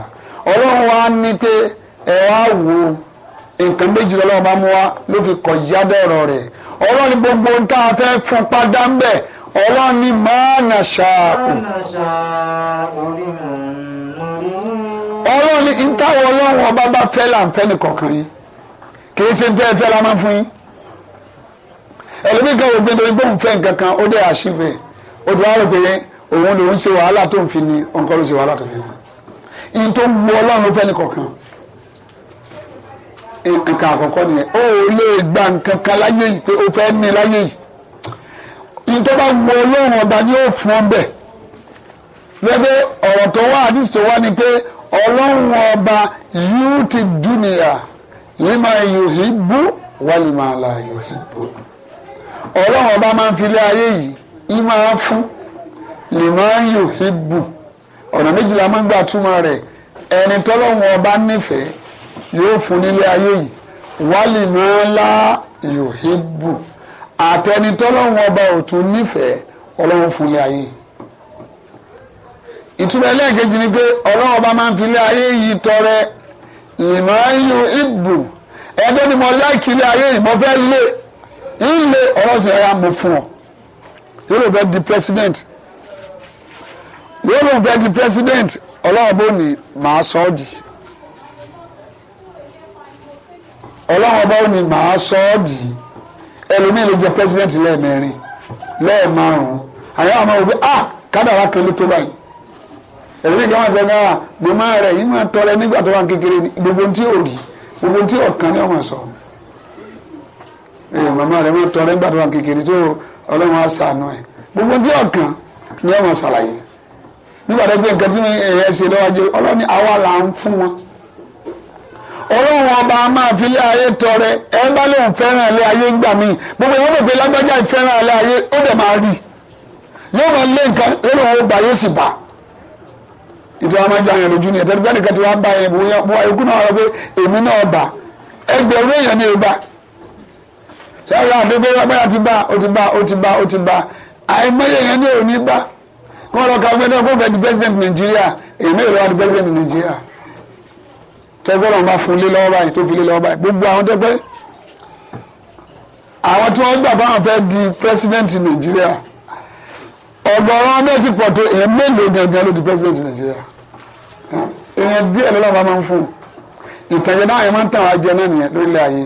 ọlọ́run wa ní pé ẹ wá wo nǹkan méjì lọ́wọ́ bá mú wa ló fi kọ̀ yádọ̀ ọ̀rọ̀ rẹ̀ ọlọ́run gbogbo tá a fẹ́ fún padà ń bẹ̀ ọlọ́run ní máa nà ṣáà kù ọlọ́run ní ntàwọ̀ ọlọ́run ọba bá fẹ́ là ń fẹ́ ní kọ̀ọ̀kan yín kì í ṣe ń tẹ́ ẹ fẹ́ la máa fún yín ẹlẹ́bí kan ò gbẹdọ̀ igbó ń fẹ́ nǹkan kan ó dé àṣìfẹ́ odò wa rò pé òun ló ń ṣe wàhálà tó ń fi ni òǹkọ́ ló ṣe wàhálà tó fi ni yín tó wu ọlọ́run ló fẹ́ ní kọ̀ọ̀kan nǹkan àkọ́kọ́ nìyẹn ó lè gba nǹkan kan láyé yìí pé ó fẹ́ ní láyé yìí yín tó bá wu ọlọ́run ọba ni ó fún ọ ọlọ́run ọba yóò ti dúnìyà lima yuhibbu wàlìmà la yuhibbu ọlọ́run ọba máa ń filé ayé yìí í máa fún lima yuhibbu ọ̀nà méjìlá máa ń gbà túmọ̀ rẹ̀ ẹni tọ́lọ́run ọba nífẹ̀ẹ́ yóò fún nílé ayé yìí wàlìmà la yuhibbu àtẹnitọ́lọ́run ọba ò tún nífẹ̀ẹ́ ọlọ́run fún ilé ayé yìí ìtumọ̀ ẹlẹ́ẹ̀kejì ni pé ọlọ́run bá máa ń filé ayé yìí tọrẹ ìmọ̀ọ́yù ìbù ẹgbẹ́ ni mo láìkiri ayé yìí lé ilé ọlọ́sìn ẹ̀yà mo fún ọ yóò fẹ́ di president yóò lò fẹ́ di president ọlọ́run bó ní màá sọ ọ́ di ọlọ́run bó ní màá sọ ọ́ di ẹlòmíì ló jẹ president lẹ́ẹ̀mẹrin lẹ́ẹ̀márùn-ún àyà àwọn ọmọ òbí ah kádàrá kan ló tó báyìí ẹ̀rí ìjọba ṣe náà ma rẹ̀ yìí máa tọrẹ nígbà tó wà kékeré gbogbo tí ò rí gbogbo tí ọ̀kan ní ọmọ sọ màmá rẹ̀ máa tọrẹ nígbà tó kékeré tó ọlọ́run á sànú gbogbo tí ọ̀kan ní ọmọ ṣàlàyé nígbà tó nǹkan tí ṣe ọlọ́ni àwa là ń fún wọn. ọlọ́run fi ilé ayé tọrẹ ẹ bá lóun fẹ́ràn ayé gbà ó ìtura máa ń jẹ àyàn lójú ni ẹ̀tọ́ nígbà nìkan tí wọ́n bá yẹn wọ́n wá ikú náà rọ pé èmi náà bà ẹgbẹ̀rún èèyàn ni ìbá sọ́ra àdébẹ́ agbára ti bá ó ti bá ó ti bá ó ti bá àìmọye èèyàn ní òní bá wọ́n lọ ka gbẹ́dọ̀ kó bẹ́ẹ̀ di president Nàìjíríà èmi ò lọ́wọ́ di president Nàìjíríà tẹ́gbọ́dọ̀ máa fún lé lọ́wọ́ báyìí tó fi lé lọ́wọ́ báyìí gbogbo àwọn tẹ́gbẹ́ àwọn tí wọ́n gbà báwọn fẹ́ di president Nàìjíríà ọ̀gọ̀rọ̀ ọmọ ẹ ti pọ̀ tó èèyàn mélòó gangan ló di president Nigeria. èèyàn díẹ̀ lọ́lọ́ba máa ń fún ìtànjẹ náà yẹn máa ń tàn wá jẹ náà nìyẹn lórílẹ̀ ayé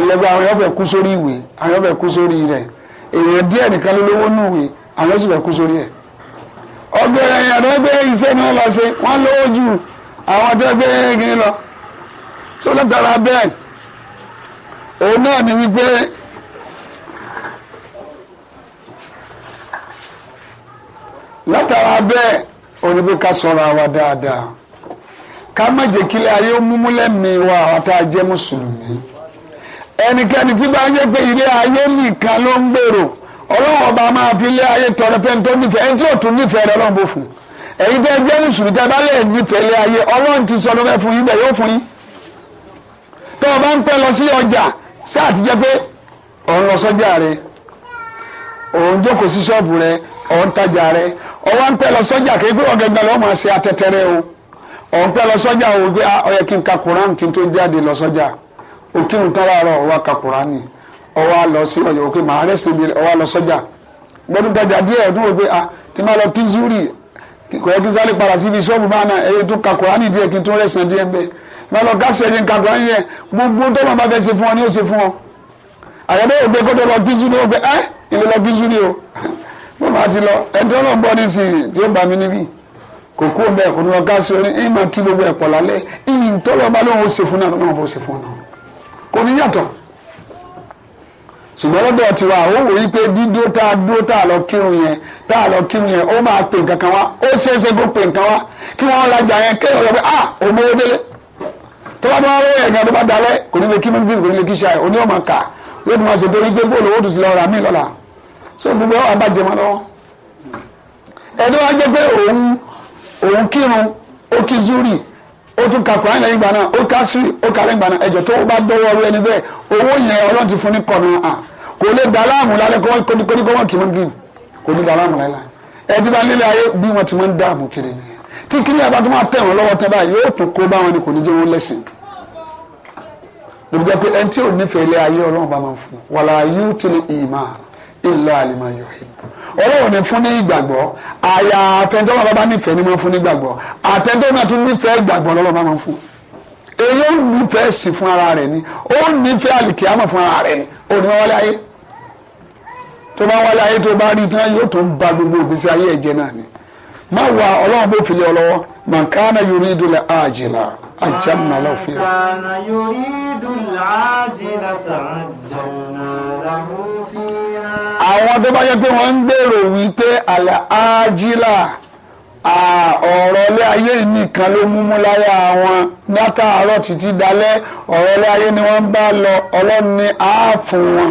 ìlẹ́gbẹ́ àwọn yọ̀bẹ̀ kú sórí ìwé àwọn yọ̀bẹ̀ kú sórí rẹ̀ èèyàn díẹ̀ nìkan ló lówó nù ìwé àwọn sì bẹ̀ kú sórí ẹ̀ ọgbẹ̀rẹ̀ àdọ́gbẹ̀ iṣẹ́ ni wọ́n lọ ṣe wọ́n lówó ju àwọn àdọ́gbẹ̀ yẹn lọ sólẹ́tara bẹ́ẹ̀ òun náà ni wípé látara bẹ́ẹ̀ oníbi ká sọ̀rọ̀ àwa dáadáa ká má jẹ́ kílẹ̀ ayé múmú lẹ́mìí wa àwa tá a jẹ́ mùsùlùmí ẹnikẹ́ni tí bá ń jẹ́ pé ilé ayé nìkan ló ń gbèrò ọlọ́run ọba máa fi ilé ayé tọrọ pé tó nífẹ̀ẹ́ ẹni tí ò tún nífẹ̀ẹ́ rẹ ọlọ́run bó fún ẹ̀yin tẹ́ jẹ́ mùsùlùmí tẹ́ bá lè nífẹ̀ẹ́ ilé ayé ọlọ́run ti sọ lọ́fẹ́ fún yín bẹ́ẹ̀ yóò fún yín tó o ń pẹ́ lọ sí ọjà sáà ti jẹ́ pé òun lọ sọ́jà rẹ òun jókòó sí ṣọ́ọ̀bù rẹ òun tajà rẹ ọwọ́ ń pẹ́ lọ sọ́jà kí pé ọ̀gẹ̀gbẹ̀ lọ́wọ́ máa ṣe atẹ́tẹ́rẹ́ o ọ̀ ń pẹ́ lọ sọ́jà o wípé ah, ó yẹ kí n ka Quran kí n tó jáde lọ sọ́jà o kí n tọ́ra rọ ọwọ́ ka Quran ọwọ́ lọ sí ọ̀yọ̀ òkè màá rẹ̀ síbi ọwọ́ lọ sọ́jà gbọ́dún tajà díẹ̀ ọdún wo pé a ah, ti máa lọ kí zuri kò yẹ kí sálẹ̀ padà síbi ṣọ́ọ̀bù máa na ẹ̀yẹ tó ka Quran díẹ̀ kí n tó rẹ̀ sàn díẹ̀ mbẹ́ máa lọ ká sẹ́yìn ka Quran yẹn gbogbo tó máa fẹ́ ṣe fún ọ ni ó ṣe fún ọ àyẹ̀bẹ́ ògbé kó tó lọ kí zuri ó ẹ́ ìlú eh, lọ kí zuri o mo máa ti lọ ẹjọ́ náà bọ́ nísìnyí tí ó bá mi níbí kò kú ọbẹ̀ kò ní wọn ká sí orí ìmọ̀ kí gbogbo ẹ̀ pọ̀ lálẹ́ ìyìn tọ́lọ́ bá lóun ó ṣe fún náà lóun ó ṣe fún náà kò ní yàtọ̀ ṣùgbọ́n lọ́dọ̀ tiwa ó wò pé dídó tá a dó tá a lọ kírun yẹn tá a lọ kírun yẹn ó máa pè nǹkan wá ó ṣeéṣe kó pè nǹkan wá kí wọ́n rajà yẹn kéèyàn lọ pé ah òun owó délé tó bá bá wọ́n yẹn gan tó bá dalẹ̀ kò ní lè kí mẹ́rin kò ní lè kí ṣáà òun ni máa kà yóò tún máa ṣètò orí bóòlù owó tuntun lọ rà míì lọ́la so gbogbo ẹ̀ wà bàjẹ́ mọ́ lọ́wọ́ ẹni pé zuri ó tún ka kùrán lẹ́yìn gbà ó ká siri ó kà lẹ́yìn gbà náà tó bá ẹni bẹ́ẹ̀ owó yẹn ọlọ́run ti fún ní kọ̀nà à kò lè dá láàmú lálẹ́ kọ́nìkọ́nìkọ́ kì í kò bá nílé ayé bá wọn ni kò ní jẹ́ wọn lẹ́sìn. lóbi pé ẹni tí ò nífẹ̀ẹ́ ilé ayé ọlọ́run bá máa fún ilà àlìmọ̀ yòóhìbù ọlọ́run ní fún ní ìgbàgbọ́ àyà àtẹ̀ntọ́ bàbá nífẹ̀ẹ́ ni wọ́n fún ní ìgbàgbọ́ àtẹ̀ntọ́ náà tún nífẹ̀ẹ́ ìgbàgbọ́ lọ́wọ́ bá wọn fún èyí ó nífẹ̀ẹ́ sí fún ara rẹ̀ ni ó nífẹ̀ẹ́ àlìkíyàmọ̀ fún ara rẹ̀ ni ó ní wọ́n wálé ayé tó bá wálé ayé tó bá rí tán yóò tó ba gbogbo ògbésí ayé ẹ̀jẹ̀ náà ni má wa ọlọ́run bó fi lé ọ lọ́wọ́ màkánà yorùdúlẹ̀ àjìlá عجلنا له فيها كان يريد العاجلة عجلنا له فيها àwọn tó bá yẹ pé wọ́n ń gbèrò wípé àlẹ́ ájílà ọ̀rọ̀ ilé ayé nìkan ló múmú láyà wọn látàárọ̀ títí dalẹ́ ọ̀rọ̀ ilé ayé ni wọ́n bá lọ ọlọ́run ní ààfún wọn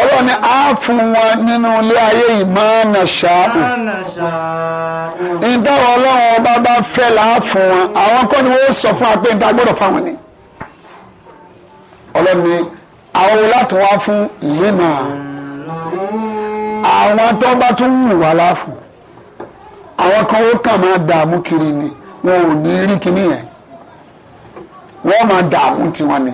ọlọ́run ní ààfún wọn nínú ilé ayé ìmọ̀ nàṣà. ìdáwọ̀ ọlọ́run ọba bá fẹ́ là á fún wọn àwọn kọ́ ni wọ́n sọ fún wa pé níta gbọ́dọ̀ fáwọn ni ọlọ́run àwọn wo láti wá fún lẹ́nà àwọn tó bá tún wù wá láàfún àwọn kan ó kàn máa dààmú kiri ni wọn ò ní rí kíní yẹn wọn máa dààmú tiwọn ni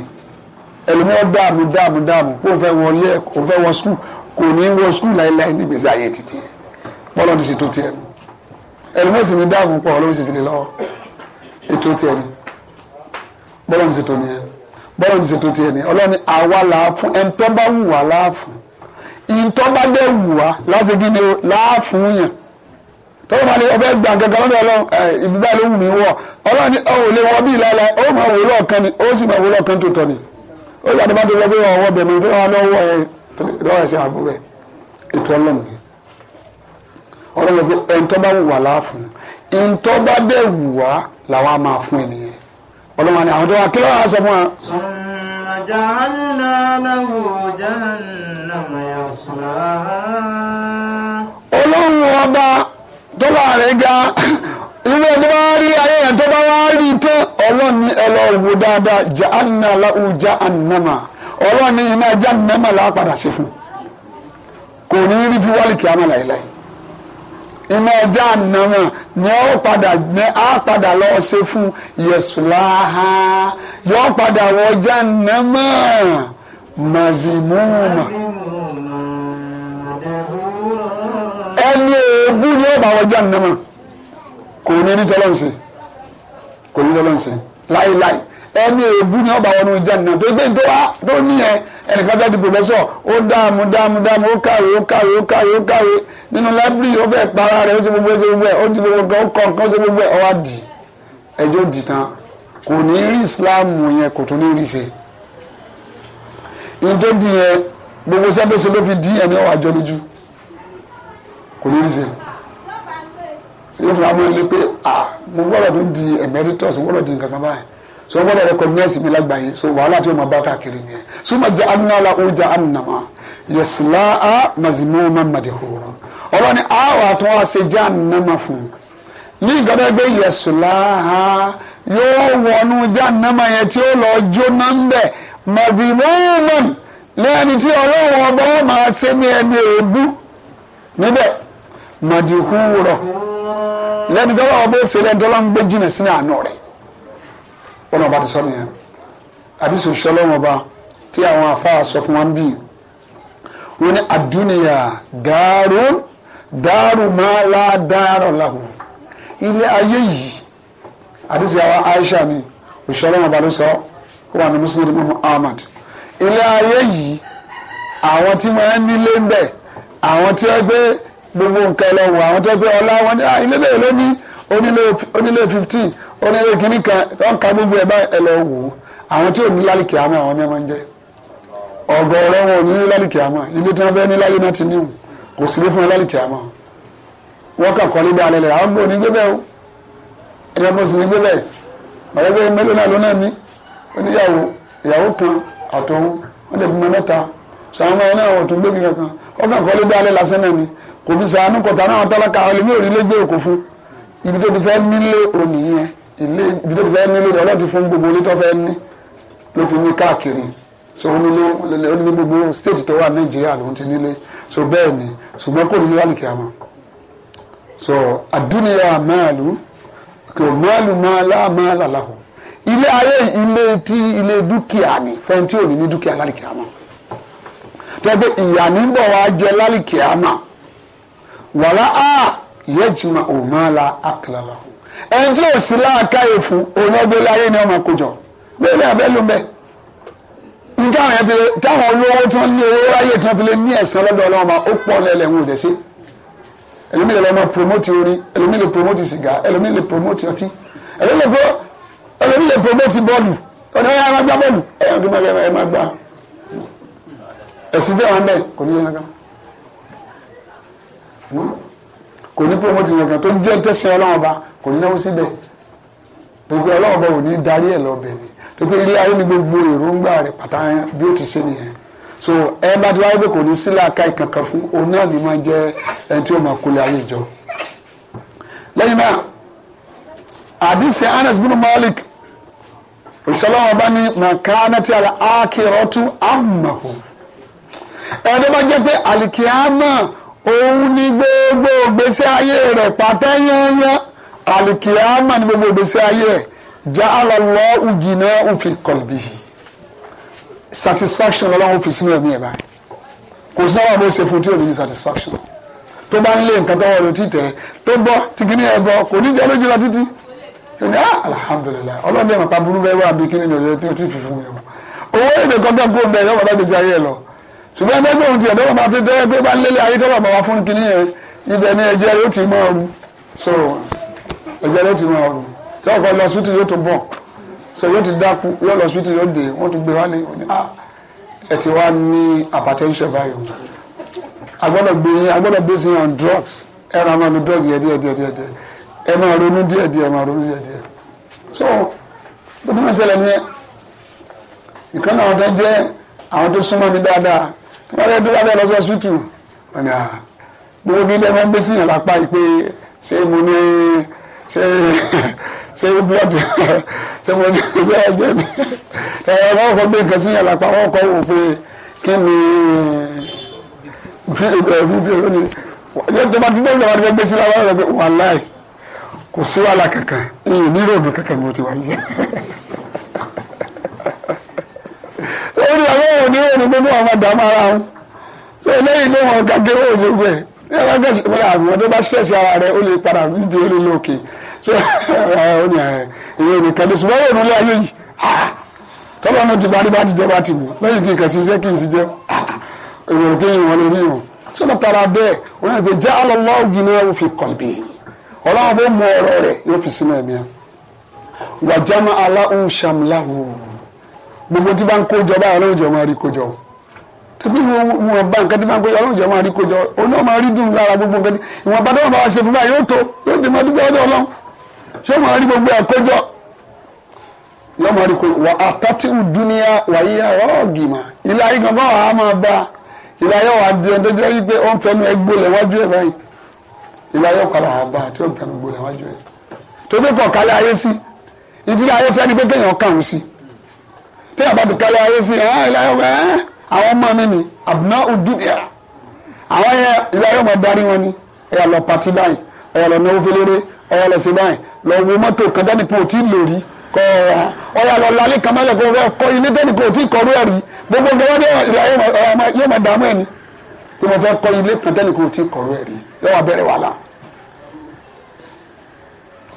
ẹlòmíràn dààmú dààmú dààmú kó o fẹ́ wọlé kó o fẹ́ wọ skul kò ní wọ skul láéláé nígbèsè ayé títì bọ́lá ti ṣètò tiẹ̀ nù. ẹlòmíì sì ní dáàbò pọ̀ ọlọ́run sì fi lè lọ́wọ́ ètò tiẹ̀ ni bọ́lá ti ṣètò nìyẹn bọ́lá ti ṣètò tiẹ̀ ni ọlọ́run ni àwa làáfún ẹni tó bá wù wá láàfún ìyìn tó bá dé wù wá lásìkò ni láàfún yàn tọ́wọ́ máa ní ọbẹ̀ gbà kankan lọ́dọ̀ ọlọ́run ìbúgbà ló wù mí wọ̀ ọlọ́run ni ọ̀hún lè wọ bíi lálẹ́ ó máa wò lọ́ọ̀kan ni ó sì máa wò lọ́ọ̀kan tó tọ̀ ni ó yàtọ̀ bá tó lọ pé ọwọ́ bẹ̀rẹ̀ tó wà lọ́wọ́ ẹ̀ lọ́wọ́ ẹ̀ sí àbúrò ẹ̀ ètò ọlọ́run ọlọ́run pé ẹni tó bá wù wá láàfún ẹni tó bá dẹ̀ wù wá làwọn á máa fún ènìyàn ọlọ́run àni àwọn tó wà kí ló wà sọ fún wa. summa ja'alna lahu jahannama yaslaha. olóhùn ọba tó bá rẹ̀ ga ilé tó bá rí ayé yẹn tó bá wá rí tán ọlọ́run ní ẹ lọ wò dáadáa ja'alna lahu jahannama ọlọ́run ní iná jahannama làá padà sí fún kò ní rí fi wálìkì àmàlà yìí láyìí iná ọjà nàmà ni ó padà ní á padà lọ ṣe fún yẹsùláhà yóò padà wọ ọjà nàmà màdìmúmà. ẹni èébú ni ó bá wọ ọjà nàmà kò ní ní tọ́lọ́ǹsì kò ní tọ́lọ́ǹsì láíláí ẹni èébú ni ọba wọnú Jánnà tó gbé tó tó ní yẹn ẹnìkan fẹ́ẹ́ di pòfẹ́sọ̀ ó dààmú dààmú dààmú ó kàwé ó kàwé ó kàwé ó kàwé nínú láìbírì ó fẹ́ẹ́ para rẹ̀ ó ṣe gbogbo ó ṣe gbogbo ẹ̀ ó di gbogbo kan ó kọ̀ nǹkan ó ṣe gbogbo ẹ̀ ó wá dì ẹjọ́ dì tán kò ní rí ìsìláàmù yẹn kò tún ní rí ṣe ní tó dì yẹn gbogbo sẹ́gbẹ́sẹ́ ló fi dì yẹn ní ọ̀wájọ́ lójú kò ní rí ṣe yóò tún wá mú ilé pé ah mo gbọ́dọ̀ tún di emeritus mo gbọ́dọ̀ di nǹkan kan báyìí so wọn bọ́dọ̀ recognize mi lágbàáyé so wàhálà tí o máa bá káàkiri nìyẹn so ma jẹ anna la o jẹ annama yasla a mazimuma madihura ọlọ́ni a wà tó wá ṣe jẹ́ annama fún ní ìgbàdá gbé yasla a yóò wọnú jẹ́ annama yẹn tí ó lọ jóná ń bẹ̀ madimuma lẹ́ni tí ọlọ́run ọba wọn máa ṣe ní ẹni èébú níbẹ̀ madihura lẹ́ni tọ́lọ́ ọba ó ṣe lẹ́ni tọ́lọ́ ń gbé jìnnà sínú àánú rẹ̀ bọ́lá ọba ti sọ nìyẹn àdìsí òṣìṣẹ́ ọlọ́run ọba tí àwọn afáà sọ fún wọn bíi wọn ní àdúnìyà dàrú dàrú máa lá dàrọ̀ làwọn ilé ayé yìí àdìsí àwọn Aisha ni òṣìṣẹ́ ọlọ́run ọba ló sọ ó wà ní Muslim Imam Ahmad ilé ayé yìí àwọn tí wọ́n nílé ń bẹ̀ àwọn tí wọ́n gbé gbogbo nǹkan lọ wọ àwọn tí wọ́n gbé ọlá wọn ní ah, ilé bẹ́ẹ̀ lónìí onílé fifteen onílé kìíní kan tó ń ka gbogbo ẹ̀ báyìí ẹ lọ wò ó àwọn tí ò ní lálìkì àmọ́ àwọn yẹn máa ń jẹ́ ọ̀gọ̀ ọ̀rọ̀ wọn ò ní lálìkì àmọ́ ilé tí wọ́n fẹ́ ní láyé náà ti níwò kò sí ní fún lálìkì àmọ́ wọ́n kàn kọ́ nígbà alẹ́ rẹ̀ àwọn gbòó ní gbébẹ̀ o ẹ̀yà bó sì ní gbébẹ̀ ọ̀rẹ́gbẹ́ mélòó náà ló náà ní oníyàwó ìyàwó kan àtọ̀hún wọ́n dẹ̀ bímọ mẹ́ta sọ àwọn ọmọ náà náà ni ilé ibi tó ti fẹ́ ní lónìí ọlọ́run ti fún gbogbo ilé tó fẹ́ ní ló fi ní káàkiri so ó nílé ó nílé gbogbo state tó wà nàìjíríà ló ti nílé so bẹ́ẹ̀ ni ṣùgbọ́n kò nílé àlìkè àmọ́ so àdúnyà máàlú kò máàlú máàlá máàlá làwọn ilé ayé ilé tí ilé dúkìá ni fẹ́ni tí ò ní ní dúkìá lálìkè àmọ́ tẹ́gbẹ́ ìyá níbọ̀ wá jẹ lálìkè àmọ́ wàlá a yẹ jìnnà ò máàlá àkàlà làwọn ẹni tí ò sí láàkáyè fún òun ẹgbẹ́ láyé ni ọmọ kojọ bẹ́ẹ̀ ni abẹ́ ló ń bẹ́ nǹkan àwọn yẹn fi táwọn olówó tí wọ́n ní owó ráyè tí wọ́n fi lé ní ẹ̀sán lọ́dọ̀ ọlọ́run ma ó pọ̀ lẹ́lẹ̀ ń wò dé sí ẹlòmí lè lọ́mọ promote orin ẹlòmí lè promote sìgá ẹlòmí lè promote ọtí ẹlòmí lè promote bọ́ọ̀lù ọ̀dọ̀ ẹ̀ máa gbá bọ́ọ̀lù ẹ̀ ọdún máa gbá ẹ̀ máa gbá ẹ̀sìn tẹ̀wọ̀n bẹ́ẹ̀ kò ní yẹn kan. kò ní pé wọ́n ti yàn kan tó jẹ́ tẹ̀sán ọlọ́run ọba kò ní náwó síbẹ̀ gbogbo ọlọ́run ọba ò ní darí ẹ̀ lọ́bẹ̀ ni ilé ayé ni gbogbo èròǹgbà pàtà bí ó ti ṣe so ẹ bá ti wáyé pé kò aka ìkankan fún òun náà ni máa tí ó máa ayé ìjọ lẹ́yìn náà Anas Malik a bá òun ni gbogbo ìgbésí ayé rẹ̀ pàtẹ́yányán àlìkìyàmà ni gbogbo ìgbésí ayé rẹ̀ já àlọ́lọ́ ugìnà òfin kọ̀lbì satisfaction lọ́lọ́run fi sínú ẹ̀mí ẹ̀ báyìí kò sí náà ṣe fún tí ò ní satisfaction tó bá ń lé nǹkan tó wọ̀ ló ti tẹ̀ tó gbọ́ tí kìíní ẹ̀ gbọ́ kò ní jẹ́ lójú lọ títí ah, ẹ̀ ní alhamdulilayi ọlọ́run dẹ̀ mọ̀ pa burú bẹ́ẹ̀ wà bí kìíní ò ti fi fún mi o owó èdè kọ́ńtà kó bẹ́ẹ̀ yọ̀ ṣùgbọ́n ẹgbẹ́ gbòòrùn tiẹ̀ dọ́wọ́ máa fi dẹ́rẹ́ pé bá ń lélẹ̀ ayé tọ́wọ́ bàbá fún kinní yẹn ibẹ̀ ni ẹ̀jẹ̀ rẹ̀ ó ti máa ru so ẹ̀jẹ̀ rẹ̀ ó ti máa ru yóò kọ́ lọ síbítì yóò tó bọ̀ so yóò ti dákú yóò lọ síbítì yóò dé wọ́n tún gbé wá ní òní à ẹ̀ ti wá ní hypertension báyìí agbọ́dọ̀ gbé yín agbọ́dọ̀ base yín on drugs ẹ ra máa lo drug yẹ díẹ̀ díẹ̀ díẹ̀ díẹ̀ ẹ máa ronú díẹ̀ díẹ̀ máa ronú díẹ̀ díẹ̀ so bó ti máa ṣẹlẹ̀ nìyẹn ìkànnì àwọn tó jẹ́ àwọn tó súnmọ́ mi dáadáa wọ́n lé dúró abẹ́ lọ sí ọsibítù wọ́n ní à ah, gbogbo bí ilé wọn gbé sí yàn lápá yìí pé ṣé mo ní ṣé ṣé búlọ́ọ̀dù ṣé mo ní ṣé ẹ̀jẹ̀ mi ẹ̀rọ wọn kọ gbé nǹkan sí yàn lápá wọn kọ wò pé kí ni bí ẹ̀rú bí ẹ̀rú ni yóò tó bá dídé ìjọba tó gbé sí lára rẹ̀ pé wàláì kò sí wàhálà kankan ìyìn ní ròdù kankan mo ti wáyé. wọn ò ní òní pé wọn máa dààmú ara wọn so lẹ́yìn ló wọn gàgé wọn ò sí gbẹ ní ẹgbẹ́ gẹ̀ẹ́sì pé àwọn tó bá ṣẹ̀ṣì ara rẹ ó lè padà níbi ó lè lókè so ó ní ìyẹn nìkan ní ṣùgbọ́n òun lé ayé yìí tọ́lá náà ti parí bá ti jẹ́ bá ti mú lẹ́yìn kí n kàn sí iṣẹ́ kí n sì jẹ́ ìròyìn kí n wọn lè rí wọn so lọ́tara bẹ́ẹ̀ wọn lè pe jẹ́ alọ́lọ́ ògìnì ẹ̀ òfin kọ̀ǹpì ọlọ́run bó mú ọ̀rọ̀ rẹ̀ yóò fi sínú ẹ̀mí ẹ̀ wàjámọ́ aláhùn ṣàmùláhùn gbogbo tí bá ń kójọ báyìí ọlọ́run jọ máa rí kójọ tẹbi ìwọn bá nǹkan tí bá ń kójọ ọlọ́run jọ máa rí kójọ òun náà máa rí dùn lára gbogbo nǹkan tí ìwọn bá dáwọn bá wá ṣe fún báyìí yóò tó yóò tẹ̀ máa dúpẹ́ ọdọ ọlọ́run ṣé máa rí gbogbo àkójọ yóò máa rí kójọ wà àtàtì ìdúnìyà wàyíyà ọ̀ọ́gìmà ilé ayé kan bá wàá máa bá ilé ayé wàá di ẹni tó jẹ́ wípé ó ń fẹ́ ni pé tí a bá ti kárí ayé sí ah, ẹ eh? àwọn ọmọ mi ni àbùná òdùnìyà àwọn yẹ ilé ayé ọmọ darí wọn ni ẹ yà lọ pati báyìí ẹ yà lọ náwó fẹlẹrẹ ẹ yà lọ sí báyìí lọ wo mọ́tò kan dání pé o ti lò rí kọ ọra ọ yà lọ lálẹ́ kan mọ́lẹ̀ kó kọ ilé dání pé o ti kọ rẹ rí gbogbo gbogbo ilé ayé yóò máa dààmú ẹ ni pé mo fẹ́ kọ ilé kan dání pé o ti kọ rẹ rí yóò wá bẹ̀rẹ̀ wàhálà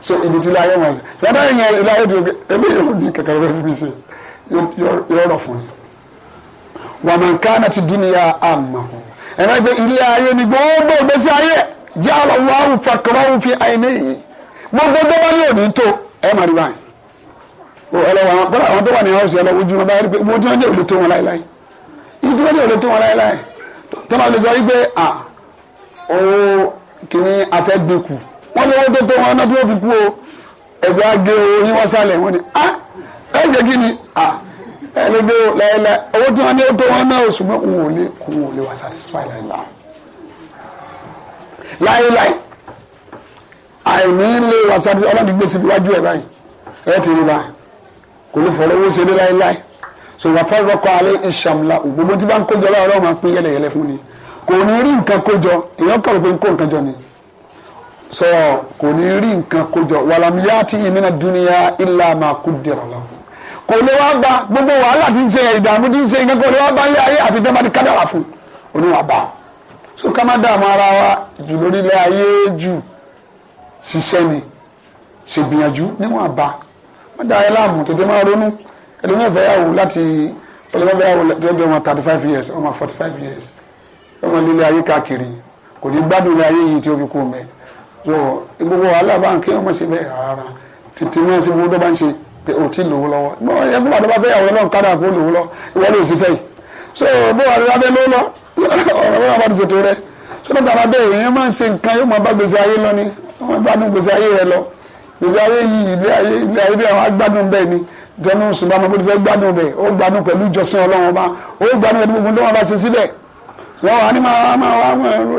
so ibi tí ilé wọn sọ yàtọ̀ yẹn ilé tó ebi yóò ní kẹkẹrẹ bí mi ṣe yóò rọ̀ fún yín wàmọ̀nkánà ti dúnìyà àmà ẹ̀rọ ìgbé ilé ayé ni gbogbo ìgbésí ayé jẹ́ àlọ́wọ́ àwùfà kọ́wọ́ fi àìní yìí gbogbo dọ́bà ní òní tó ẹ̀ máa rí báyìí o ẹlọ́wọ́ àwọn bọ́lá àwọn dọ́bà ní ọ̀hún sí ẹlọ́wọ́ ojú wọn báyìí pé wọ́n ti wọ́n jẹ́ òlé tó wọn láéláé ìdí wọ́n jẹ́ òlé tó wọn láéláé tọ́lá lè sọ wípé à owó kìíní afẹ́ dínkù wọ́n lé owó tó tó wọn náà tó fi kú o ẹ̀jẹ̀ á gé owó yín wọ́n sálẹ̀ wọ́n ni ah ẹ jẹ́ kí ni ẹni gbé láéláé owó tí wọ́n ní ó tó wọn náà ṣùgbọ́n òun ò lè òun ò lè wà satisfy láéláé láéláé àìní lè wà satisfy ọlọ́run gbé síbi iwájú ẹ̀ báyìí ẹ ti rí báyìí kò lè fọ̀rọ̀ owó ṣe lé láéláé so wà fẹ́ rọ́kọ̀ alẹ́ ìṣàmùlà gbogbo tí bá ń kójọ láwọn ọlọ́run máa pín yẹlẹyẹlẹ fún ni kò ní rí nǹkan kójọ èèyàn kọ̀ pé ń kó nǹkan jọ ni so kò ní rí nǹkan kójọ wàlámiyá ti ìmínà dúníyà ìlà máa kú dìrọ̀ lọ́wọ́ kò lè wá gba gbogbo wàhálà tí ń ṣe ìdààmú tí ń ṣe nǹkan kò lè wá ilé ayé àfi tẹ́ kádàrà fún oníwà bá so ká má dààmú ara wa jù lórí ilé ayé jù ṣiṣẹ́ ni ṣègbìyànjú níwọ̀n àbá má dá ayé láàmú tètè máa ronú ẹlẹ́mọ̀ ìfẹ́yàwó láti ọlọ́mọ ìfẹ́yàwó tẹ́lẹ̀ ọmọ thirty five years ọmọ forty five years ọmọ lílé ayé káàkiri kò ní gbádùn ilé ayé yìí tí ó fi kú mẹ́ so gbogbo wàhálà bá ń kí ọmọ ṣe bẹ́ẹ̀ rárá tètè náà ṣe gbogbo bá ń ṣe pé o ti lówó lọ́wọ́ bó ẹ bí wàdí bá fẹ́ yàwó náà kádà kó lówó lọ ìwọ ló sì fẹ́ yìí so bó wàdí bá fẹ́ lówó lọ ọ̀rọ̀ bá wà bá ti ṣètò rẹ so nígbà bá bẹ́ẹ̀ èèyàn máa ń ṣe nǹkan yóò máa bá gbèsè ayé lọ ni wọ́n bá dún gbèsè ayé rẹ lọ gbèsè ayé yìí ilé ayé ilé ayé bí àwọn agbádùn bẹ́ẹ̀ ni jọnu sùnmọ́ ọmọ bó ti fẹ́ gbádùn bẹ́ẹ̀ ó gbádùn pẹ̀lú ìjọsìn Ọlọ́run ọba ó gbádùn pẹ̀lú gbogbo tó wọn bá ṣe síbẹ̀ wọ́n wà ní máa wá máa wá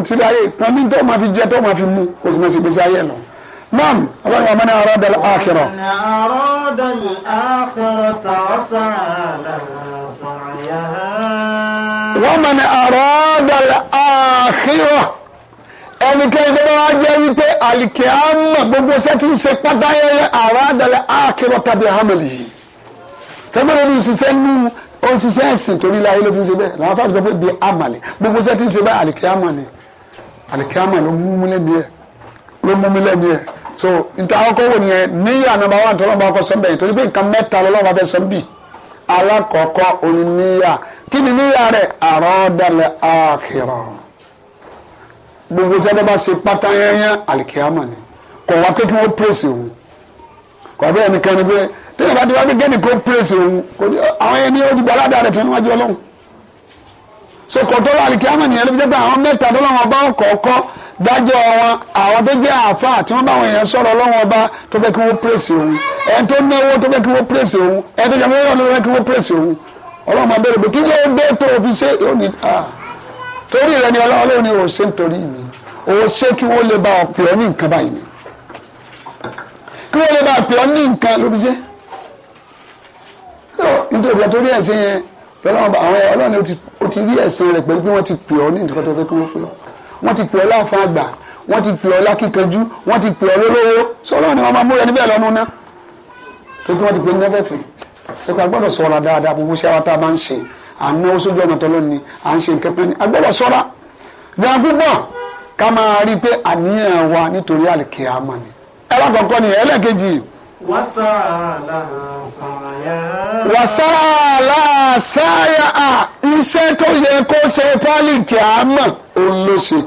ti rí ayé kan ní tó máa fi jẹ tó máa fi mu kò sì máa ṣe gbèsè ayé lọ. نعم ومن أراد الآخرة ومن أراد الآخرة وسعى لها سعيها ومن أراد الآخرة ẹnikẹ́ni tó bá wá jẹ́ wípé alikiama gbogbo sẹ́tì ń ṣe pátá yẹn àràádàlẹ̀ àkìrọ̀ tàbí hamali yìí tẹ́gbẹ́rẹ́ ní ìṣiṣẹ́ nù òṣìṣẹ́ ẹ̀sìn torí láyé ló fi ṣe bẹ́ẹ̀ làwọn fáwọn sọ pé bíi amali gbogbo sẹ́tì ṣe bẹ́ẹ̀ alikiama ni alikiama ló mú múlẹ̀ bíi ẹ̀ ló mú mi lẹ́nu yẹn so nta ọkọ wò nìyẹn níyà nàmbà wà tó lọ́nà ọkọ sọ́nbẹ̀ yìí torí pé nǹkan mẹ́ta lọ́nà ọba fẹ́ sọ́nbì alákọ̀ọ́kọ́ òní níyà kí ni níyà rẹ̀ àrọ́dàlẹ̀ àkìrọ̀ gbogbo sẹ́dọ̀ bá ṣe pátá yẹnyẹn àlìkíyàmọ̀ ni kò wá pé kí wọ́n pèsè òun kò wá bẹ́ẹ̀ nìkan ni pé tẹ́lẹ̀ bá ti wá pé gẹ́nì kó pèsè òun kò ní àwọn ẹni ó ti gba aládàá rẹ̀ tó níwájú ọlọ́run so kò tó lọ àlìkíyàmọ̀ nìyẹn ló fi jẹ́ pé àwọn mẹ́ta tó lọ́wọ́ ọba ọkọ̀ọ̀kọ́ dájọ́ wọn àwọn tó jẹ́ àáfàá tí wọ́n bá àwọn èèyàn sọ̀rọ̀ ọlọ́wọ́n ọba tó fẹ́ kí wọ́n pèsè òun ẹni tó náwó tó fẹ́ kí wọ́n pèsè òun ẹni tó jẹ́ mọ́wọ́ tó fẹ́ kí wọ́n pèsè òun ọlọ́wọ́n máa bẹ̀rẹ̀ pé kí ló dé tó o fi ṣe yóò ní ta torí rẹ ni ọlọ́wọ́n ni o ṣe ń torí mi o ṣe kí wọ́n lè ba ọ̀pẹ̀ ọ́ ní nǹkan báyìí ni kí wọ́n lè ba ọ̀pẹ̀ ọ́ ní nǹkan ló fi ṣe nítorí torí ẹ̀sìn yẹn ọlọ́wọ́n àwọn ọlọ́wọ́n ni o ti rí ẹ̀sìn rẹ̀ pẹ̀lú bí wọ́n ti pè ọ́ ní nǹkan tó fẹ́ kí wọ́n fún ọ wọ́n ti pè ọ́ láǹfà àgbà wọ́n ti pè ọ́ lákìkanjú wọ́n ti pè ọ́ lólówó sọ ni wọ́n máa múra níbẹ̀ lọ́nu ná tó kí wọ́n ti pè ní ẹ̀fẹ̀fẹ̀ tó kí a gbọ́dọ̀ sọ̀ra dáadáa gbogbo iṣẹ́ wa tá a bá ń ṣe à ń náwó sójú ọ̀nà tọ́lọ́ ni à ń ṣe nǹkan pẹ́ ni a gbọ́dọ̀ púpọ̀ ká máa rí i pé àníyàn wa nítorí àlìkè àmọ́ ni ẹlẹ́kọ̀ọ́kọ́ ni ẹlẹ́kejì yìí wàsáàlà sáyà à iṣẹ́ tó yẹ kó ṣe pálíkì àmọ́ òun ló ṣe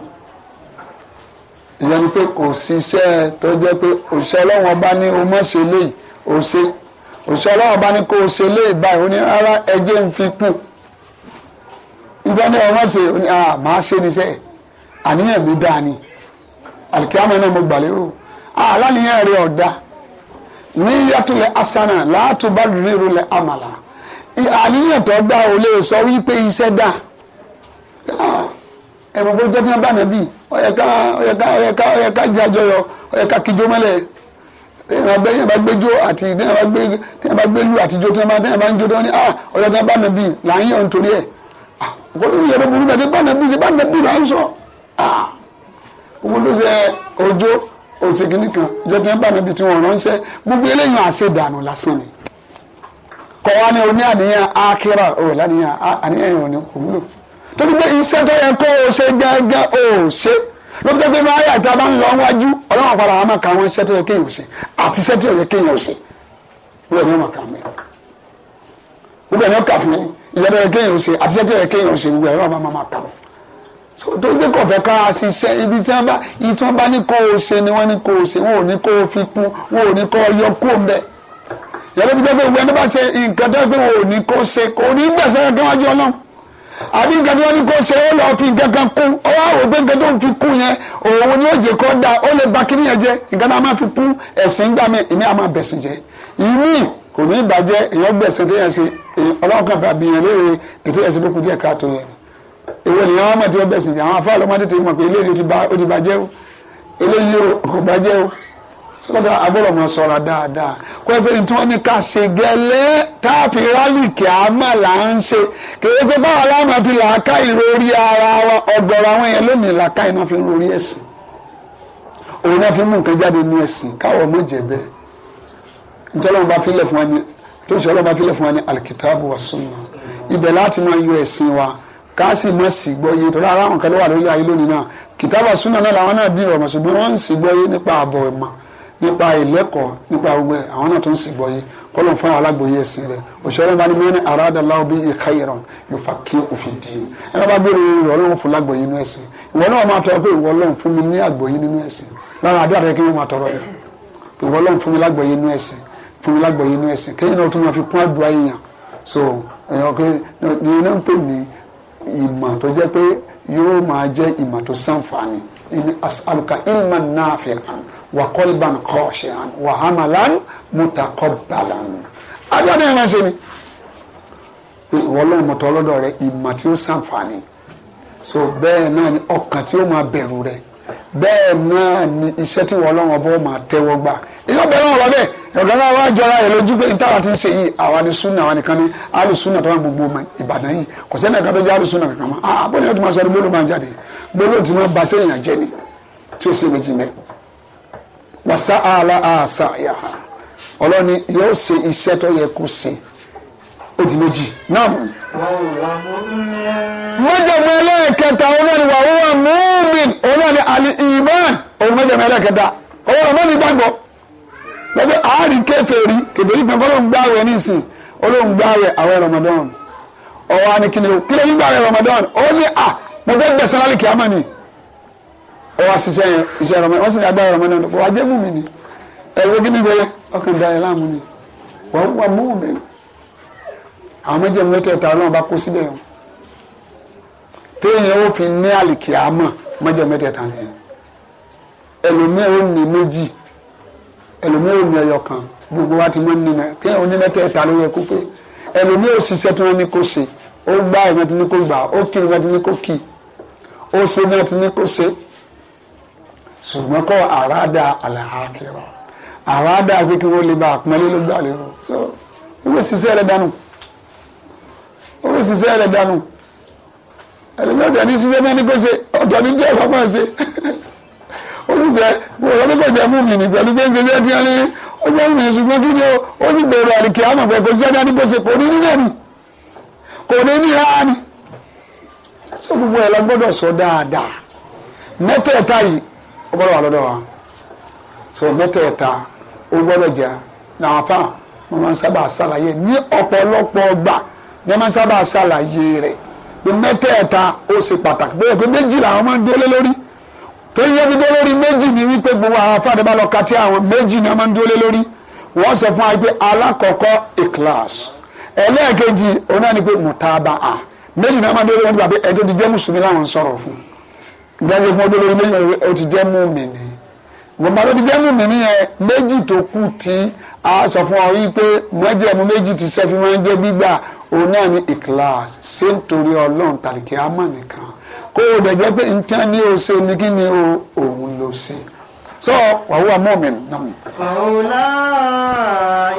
ìyẹn ni pé kò ṣiṣẹ́ tó jẹ́ pé òṣìṣẹ́ ọlọ́wọ́n bá ní o mọ̀ ṣe léyìí o ṣe òṣìṣẹ́ ọlọ́wọ́n bá ní kó o ṣe léyìí báyìí o ní rárá ẹjẹ́ ń fi kù níta ní ọmọ ṣe o ní à máa ṣe níṣẹ́ àníyàn mi dáa ni àlùkìyàmọ́ náà mo gbà lérò àlàníyàn rẹ̀ ọ̀dà níyàtúlẹ̀ asana látúbà rírulẹ̀ àmàlà àníyàn tó gbà ò lè sọ wípé iṣẹ́ dà ẹ̀rọ bó jẹ́ kí wọ́n bá nàbí ọ̀yẹ̀ká ọ̀yẹ̀ká ọ̀yẹ̀ká ọ̀yẹ̀ká jẹ́ àjọyọ̀ ọ̀yẹ̀ká kíjó mọ́lẹ̀ ẹ̀rọ bẹ́ẹ̀ yẹn bá gbẹ́jọ́ àti tẹ́yẹ̀ bá gbé tẹ́yẹ̀ bá gbé lu àtijọ́ tẹ́yẹ̀ bá tẹ́yẹ̀ bá ń jó tẹ́yẹ̀ ní ah, ọ̀yẹ̀ tí wọ́n bá nàbí là ń yọ̀ nítorí ẹ̀ ah, kò ní ìyẹ̀rọ burúkú tẹ́yẹ̀ bá nàbí là ń sọ ah, òsè kan ìjọ tí wọ́n níbi tí wọ́n ránṣẹ́ gbogbo eléyìí lásán ni o àníyàn láníyàn àníyàn kò wúlò torí pé iṣẹ́ tó yẹ kó o ṣe gángan o ṣe ló pé a àwọn iṣẹ́ tó yẹ kéèyàn ṣe àti iṣẹ́ tó yẹ kéèyàn ṣe wúlò ní wúlò ní fún mi tó yẹ kéèyàn ṣe àti iṣẹ́ tó tó gbé kọ̀fẹ́ ká a ṣiṣẹ́ ibi tí wọ́n bá ibi tí wọ́n bá ní kó o ṣe ni wọ́n ní kó o ṣe wọn ò ní kó o fi kún wọn ò ní kó o yọ kó o mbẹ. yàrá ibi tí wọ́n bá ní bá ṣe nǹkan tó gbé wọn ò ní kó o ṣe kò ní gbẹ̀sẹ̀ kankan wájú ọlọ́run àbí nǹkan tí wọ́n ní kó o ṣe ó lọ fi nǹkan kan kún ó wá wò pé nǹkan tó ń fi kún yẹn òun ni ó jẹ kó dáa ó lè ba kíní yẹn jẹ nǹkan náà máa fi kún ẹ̀sìn gbà mí ìmí àmọ́ bẹ̀sìn jẹ ìmí kò ní ìbàjẹ́ èèyàn gbẹ̀sẹ̀ téèyàn ṣe ọlọ́run kan fà bí léèrè ètò ẹ̀sìn lókun díẹ̀ káàtó yẹn ni. èwo ni àwọn ọmọ tí ó bẹ̀sìn àwọn afá máa tètè mọ̀ pé eléyìí ó ti bàjẹ́ o eléyìí kò bàjẹ́ o sọlọ́dọ̀ agbọ́dọ̀ mọ̀ sọ̀rọ̀ dáadáa kó ẹgbẹ́ tí wọ́n ní ká ṣe gẹ́lẹ́ táàpì rálìkì àmà fi làákà ìrorí ara wa ọ̀gọ̀rọ̀ àwọn yẹn lónìí làákà iná fi ń rorí ẹ̀sìn òun náà fi mú nǹkan jáde nínú ẹ̀sìn káwọ̀ mọ̀ jẹ́ bẹ́ẹ̀ nítorí wọn bá fún wa ká sì mọ̀ sí gbọ́yé torí ara àwọn kan ló wà lórí ayé lónìí náà kìtàbà súnà náà làwọn náà dín ìrọ̀mọ̀ ṣùgbọ́n wọ́n ń sì gbọ́yé nípa àbọ̀ ìmọ̀ nípa ìlẹ́kọ̀ọ́ nípa gbogbo àwọn náà tó ń sì gbọ́yé kọ́lọ̀ fún àwọn alágbòye ẹ̀sìn rẹ̀ òṣèré bá ní mọ́ ní aráàdàláwọ̀ bí ìka ìrọ̀ yòófà kí òfin dì í ẹ bá bẹ̀rẹ̀ ìrọ̀ ọlọ́run fún lágbòye inú ẹ̀sìn ìwọ náà máa tọrọ pé ìwọ ọlọ́run fún mi ní àgbòye nínú ẹ̀sìn lára àdúrà rẹ kí wọ́n máa tọrọ rẹ ìwọ ọlọ́run fún mi lágbòye inú ẹ̀sìn fún mi lágbòye inú ẹ̀sìn kéyìn náà tún máa fi kún àdúrà yìnyín so ẹ̀yọ́ pé ní iná ń pè ní ìmọ̀ tó jẹ́ pé yóò máa jẹ́ ìmọ̀ tó sànfààní ìní as'aluka ilman nafi'an wa qalban khashi'an wa amalan mutaqabbalan. adúlọ́dẹ yẹn máa ṣe ni ìwọ lóun mọ̀tọ́ ọlọ́dọ̀ rẹ ìmọ̀ tí ó sànfààní so bẹ́ẹ̀ náà ni ọkàn tí ó máa bẹ̀rù rẹ̀ bẹ́ẹ̀ náà ni iṣẹ́ tí wọ́n lọ́wọ́ bọ́ máa tẹ́wọ́ gbà iná bẹ́ẹ̀ náà wà bẹ́ẹ̀ ọ̀gá náà wá jọra lójú pé níta àti ṣe yìí nìkan ni tó wà gbogbo ọmọ Ìbàdàn yìí kò sẹ́ni ẹ̀ka jẹ́ kankan mọ́ àá ah, ti máa sọ ọdún gbólóhùn máa jáde gbólóhùn ti máa ba sẹ́yìn àjẹ́ ni tí ó ṣe méjì mẹ́ mọ́jọ̀mọ́ ẹlẹ́ẹ̀kẹta òun náà ni wà wúwà múmin òun náà ni àlì ìmán òun mọ́jọ̀mọ́ ẹlẹ́ẹ̀kẹta òun náà ní gbàgbọ́ lọ́pẹ́ àárín kèfèrí kèfèrí kan fọlọ́n gbààwẹ̀ nísìn olóhùn gbààwẹ̀ àwẹ̀ Ramadan ọwọ́ ni kíni o ní gbààwẹ̀ Ramadan ó ní à mo fẹ́ gbẹ̀sẹ̀ lálẹ́ kí a mọ̀ ni ọwọ́ àṣìṣe yẹn iṣẹ́ Ramadan wọ́n sì ní agbára Ramadan kò wá jẹ́ múmi ni ẹ̀rọ kí ni ìṣẹ̀lẹ̀ ọkàn dá ẹ láàmú ni wà wúwà téèyàn ó fi ní àlìkè àmọ̀ mọ́jọ mẹ́tẹ̀ẹ̀ta ni ẹlòmíì ó ní méjì ẹlòmíì ó ní ẹyọ kan gbogbo wa ti mọ́ nínú kéèyàn ó ní mẹ́tẹ̀ẹ̀ta ló yẹ kó pé ẹlòmíì ó ṣiṣẹ́ tí wọ́n ní kó ṣe ó gbá ìwọ́n ti ní kó gbà ó kí ìwọ́n ní kó kí ó ṣe náà ní kó ṣe ṣùgbọ́n kọ́ àràádà àlàákìrọ̀ àràádà pé kí wọ́n so ó ṣiṣẹ́ rẹ̀ dànù ó ṣiṣẹ́ rẹ̀ dànù ẹlẹ́mi ọ̀dẹ̀ ní sísẹ́ náà ní kó ṣe ọ̀dọ̀ ní jẹ́ ọ̀pá máa ṣe ó sì jẹ́ mo sọ pé kò jẹ́ mú mi ní pẹ̀lú pé ń ṣe jẹ́ tí wọ́n ní ó jẹ́ mú mi ṣùgbọ́n kí o ó sì gbèrò àlìkè àmọ̀ pé kò sísẹ́ náà ní kó ṣe kò ní nílẹ̀ ni kò ní ní rárá ni. sọ gbogbo ẹ̀ la gbọ́dọ̀ sọ dáadáa mẹ́tẹ̀ẹ̀ta yìí ó gbọ́dọ̀ wà lọ́dọ̀ wa sọ mẹ́tẹ̀ẹ̀ta ó gbọ́dọ̀ jẹ́ làwọn afá máa ń sábà ṣàlàyé ní ọ̀pọ̀lọpọ̀ ọgbà wọn máa ń sábà ṣàlàyé rẹ̀ pé mẹ́tẹ̀ẹ̀ta ó ṣe pàtàkì bóyá pé méjì làwọn máa ń dúró lé lórí tó yẹ fi dúró lórí méjì ni wípé gbogbo àwọn afáàdé bá lọ ka tí àwọn méjì ni wọ́n máa ń dúró lé lórí wọ́n sọ fún wa pé alákọ̀ọ́kọ́ ikhlas ẹlẹ́ẹ̀kejì òun náà ni pé mutaba'a méjì ni wọ́n máa ń dúró lórí nígbà pé ẹ tó ti jẹ́ mùsùlùmí láwọn ń sọ̀rọ̀ fún ìdájọ́ fún ọdún lórí méjì ó ti jẹ́ mùmínì gbọ̀ngbà tó ti jẹ́ mùmínì yẹn méjì tó kù tí a sọ fún ọ yìí pé mọ́jẹ̀mú méjì ti sẹ́fí máa ń jẹ́ gbígbà òun náà ní ìkíláàsì ṣé nítorí ọlọ́run tàlíkì àmọ́ nìkan kó o dẹ̀ jẹ́ pé ntẹ́ ni o ṣe ni kí ni o òun ló ṣe so wàhù amóhùnmín náà. fàwọlá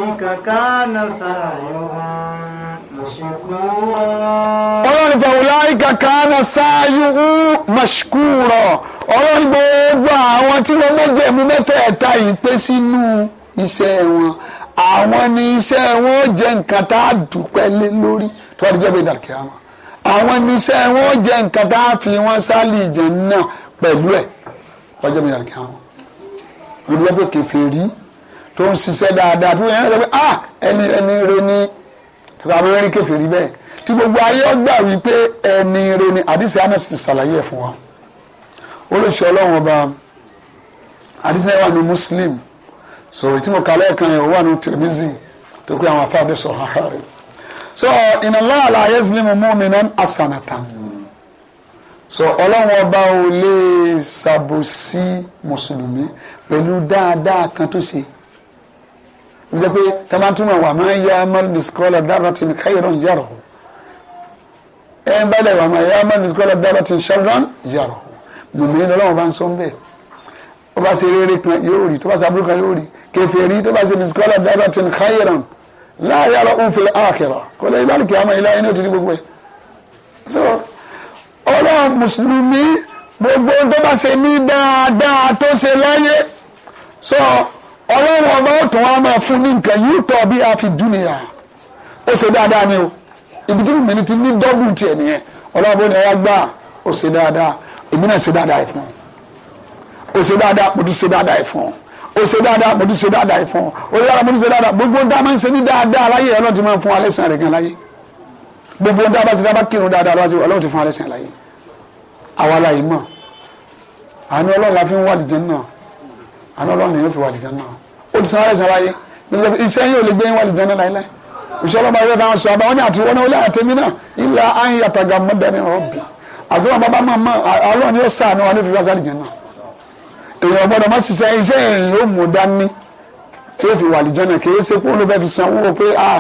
ìkàkà náà sàyọ̀ ọlọ́run fàwọlá ìkàkà náà sàyọ̀ mọ̀ṣkúrọ̀ ọlọ́run gbogbo àwọn tí wọ́n mọ̀jẹ̀mú mẹ́tẹ̀ẹ̀ta yìí pé sínú iṣẹ́ wọn àwọn ni iṣẹ́ wọn ó jẹ́ nǹkan tá a dúpẹ́ lé lórí tó wàá jẹ́ pé dàkẹ́ àwọn àwọn ni iṣẹ́ wọn ó jẹ́ nǹkan tá a fi wọn sálì ìjẹ́ náà pẹ̀lú ẹ̀ wàá jẹ́ pé àwọn olùdókòwò kèfèrí tó ń ṣiṣẹ́ dáadáa tó yẹn sọ pé ah ẹni ẹni re ni tọ́ka àwọn eré kèfèrí bẹ́ẹ̀ tí gbogbo ayé ọgbà wípé ẹni re ni àdìsí anas ti ṣàlàyé ẹ̀ fún wa olùṣọ́ ọlọ́run ọba àdìsí ẹ̀ wà muslim so tí mo kà lẹ́ẹ̀kan yẹn wà ní Tirmizi tó pé àwọn afáàdé sọ ha ha rẹ so inna Allaha la yazlimu mu'minan hasanatan so ọlọ́run ọba ò lè ṣàbòsí mùsùlùmí pẹ̀lú dáadáa kan tó ṣe ó jẹ́ pé tamatuma wà máa ń yá amal bisikọ́lá daratin khairan yarahu ẹ̀ ń bá dẹ̀ wà máa yá amal bisikọ́lá daratin sharran yarahu mùmí lọ́wọ́ bá ń sọ ń bẹ́ẹ̀ tó bá ṣe rere kan yóò rí tó bá ṣe aburú kan yóò rí kèfèrí tó bá ṣe bisikọ́lá dáadáa ti ń láàyè ara òun fèrè àkẹrà kò lè bá lùkì àmọ́ ilé ayé ní gbogbo ẹ̀ so ọlọ́ mùsùlùmí gbogbo tó bá ṣe ní dáadáa tó ṣe láyé so ọlọ́run ọba ó tún wá máa fún ní nǹkan yìí tọ́ bí a fi dúnìyà ó ṣe dáadáa ni o ibi tí mìíràn ní dọ́gùn tiẹ̀ nìyẹn ọlọ́run bó ni ẹ wá gbà ó ṣe dáadáa èmi náà dáadáa ẹ̀ fún un. Ose ṣe dáadáa mo tún ṣe dáadáa ẹ̀ fún ọ ó ṣe dáadáa mo tún ṣe dáadáa ẹ̀ fún ọ ó ṣe dáadáa mo se ni dáadáa gbogbo ń dáa ti máa ń alesan alẹ́ sàn rẹ̀ gan láyé gbogbo ń dáa bá ṣe dáa bá kírun dáadáa lọ́wọ́ ọlọ́run ti fún alesan sàn láyé àwa la yìí mọ̀ àánú ọlọ́run la fi ń wà lìjẹ́ náà àánú ọlọ́run lèyìn fi wà lìjẹ́ náà ó ti san alẹ́ sàn láyé iṣẹ́ yìí ò lè gbé yín wà lìjẹ́ náà láyé láyé òṣèlú ọba yóò dáhùn sọ àbá wọn ni àti wọn náà wọlé àtẹmí náà ilà ayé àtàgàmọdà ni ọbì àdúrà bàbá màmá ọlọ́run yóò sàánú wa ní fífi wá sáré èèyàn gbọ́dọ̀ má ṣiṣẹ́ iṣẹ́ èèyàn yóò mú dání tí yóò fi wà lìjọ náà kìí ṣe pé olùfẹ́ fi sanwó pé ah,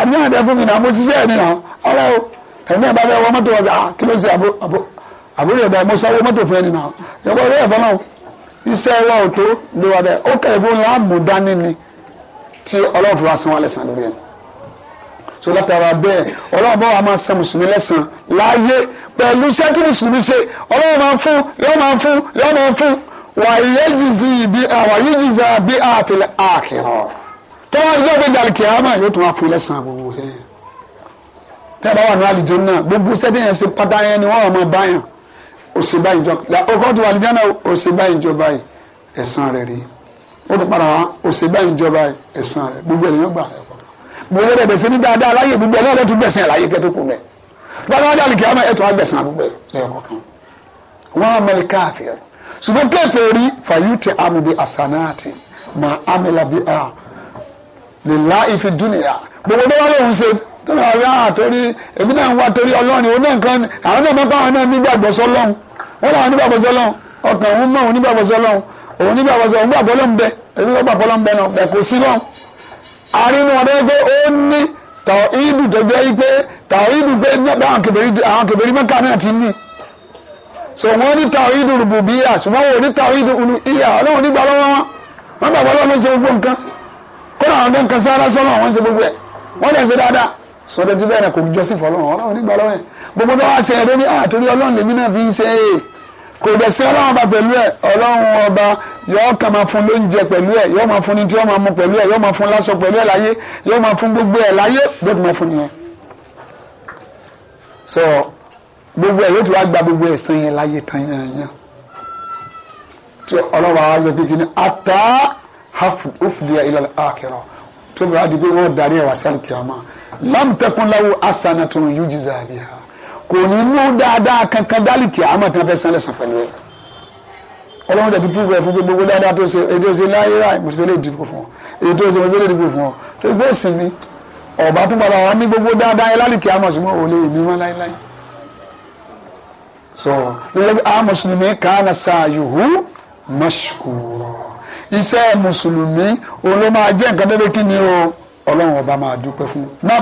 àdéhùn ẹ̀dẹ́ fún mi náà mo ṣiṣẹ́ ẹ̀ nìyà ọ̀rẹ́ o ẹ̀mí ẹ̀ bá fẹ́ wọ mọ́tò ọ̀gá ah, kí ló ṣe àbúrò ẹ̀dá mo sanwó mọ́tò fún ẹ nìyà ìyàwó ẹ̀rẹ́ ẹ̀fọ́ náà iṣẹ́ wa ò tó lé wa bẹ́ẹ̀ ó kẹ́ ìbọn ńlá mú dání ni tí Ọlọ́run fi wá san wa lẹ́sàn lórí ẹ̀ so látara bẹ́ẹ̀ Ọlọ́run bá wa máa san mùsùlùmí lẹ́sàn láàyè pẹ̀lú iṣẹ́ tí ṣe Ọlọ́run máa fún yóò máa fún yóò máa fún wàyíjìzà bí àfìlẹ̀ àkìrọ̀ tó wá ní sọ́kè dàlùkì àmà yóò tún wá fún ilẹ̀ sàn gbogbo sẹ́yìn tẹ́ bá wà ní àlìjẹ́n náà gbogbo sẹ́dẹ̀ yẹn ṣe pátá yẹn ni wọ́n mọ báyàn òsè báyìí jọ ọkọ̀ tó wà àlìjẹ́n náà òsè báyìí jọ báyìí ẹ̀sán rẹ̀ rí ó tún padà wá òsè báyìí jọ báyìí ẹ̀sán rẹ̀ gbogbo ẹ̀ lẹ́yìn gbà gbogbo ẹ̀ bẹ̀sẹ̀ ní dáadáa láyé gbogbo ẹ̀ náà lọ́tún gbẹ̀sẹ̀ láyé kẹ́tókù mẹ́ báwọn dàlùkì àmà ẹ̀ tó wá gbẹ̀sán gbogbo ẹ̀ lẹ́yìn kọ̀ọ̀kan wọ́n mẹ́lẹ̀ káàfin ṣùgbọ́n kéèké rí fàyútì ma àsànáàtì mà ámìlábi à lè lá ìfi dúnìyà gbogbo tó wá lóhùn ṣe tó lọ rí àá ah, torí èmi náà ń wá torí ọlọ́run òun náà kan àwọn náà mọ́kàn àwọn náà nígbàgbọ́ sọlọ́run wọ́n làwọn nígbàgbọ́ sọlọ́run ọkàn òun mọ́ òun nígbàgbọ́ sọlọ́run òun nígbàgbọ́ sọlọ́run gbàgbọ́ ló ń bẹ èmi ló gbàgbọ́ ló ń bẹ náà bẹ̀ kò sí lọ́n. àrínú ọ̀dọ́ pé ó ní tàwọn ìdù tó jẹ́ pé tàwọn ìdù pé àwọn kèbèrè mẹ́ka náà ti ní so wọ́n ní tawhidu rububiyya ṣùgbọ́n wọ́n ní tawhidu uluhiyya ọlọ́run nígbà lọ́wọ́ wọn wọ́n gbàgbọ́ lọ́wọ́ ló ń ṣe gbogbo nǹkan kódà àwọn tó ń kan sára sọ́nà wọ́n ṣe gbogbo ẹ̀ wọ́n lè ṣe dáadáa sọdọ ti bẹ́ẹ̀ kò jọ́sìn fọlọ́run ọlọ́run nígbà lọ́wọ́ ẹ̀ gbogbo tó wá ṣe ẹ̀rọ ní àtòrí ọlọ́run lèmi náà fi ń ṣe é kò dẹ̀ sí ọlọ́run ọba pẹ̀lú ẹ̀ ọlọ́run ọba yọ̀ọ́ kà máa fún lóúnjẹ pẹ̀lú ẹ̀ yọ̀ọ́ máa fún ní tí yọ̀ọ́ máa mú pẹ̀lú ẹ̀ yọ̀ọ́ máa fún láṣọ pẹ̀lú ẹ̀ láyé yọ̀ọ́ máa fún gbogbo ẹ̀ láyé bó máa fún nìyẹn. so gbogbo ẹ̀ yóò ti wá gba gbogbo ẹ̀san yẹn láyé tán yẹn yẹn tí ọlọ́wọ́ àwọn àzọ kékeré ata hafu ofudiya ilẹ̀ akẹ́rọ̀ tó bá di pé wọ́n darí ẹ̀ wá sáré kìámà lámùtẹ́kùnláwò asana tó ń yújì zàbí ha kò ní mú dáadáa kankan dálì kìámà tí wọ́n fẹ́ sálẹ̀ sàn pẹ̀lú ẹ̀ ọlọ́run tẹ̀tí púpọ̀ ẹ̀ fún pé gbogbo dáadáa tó ṣe èdè ṣe láyé ráì mo ti fẹ́ lè dìbò fún ọ èyí tó ṣe mo ti fẹ́ lè fún ọ tó gbé ìsinmi ọ̀bá tó padà wà ní gbogbo dáadáa ẹ̀ lálì kìámà ṣùgbọ́n òun lè mí mọ́ láéláé so lẹ́yìn àwọn mùsùlùmí kàánà sàyùhù mọ́ṣkúrò iṣẹ́ mùsùlùmí òun ló máa jẹ́ nǹkan débi kí ni o ọlọ́run ọba máa dúpẹ́ fún náà.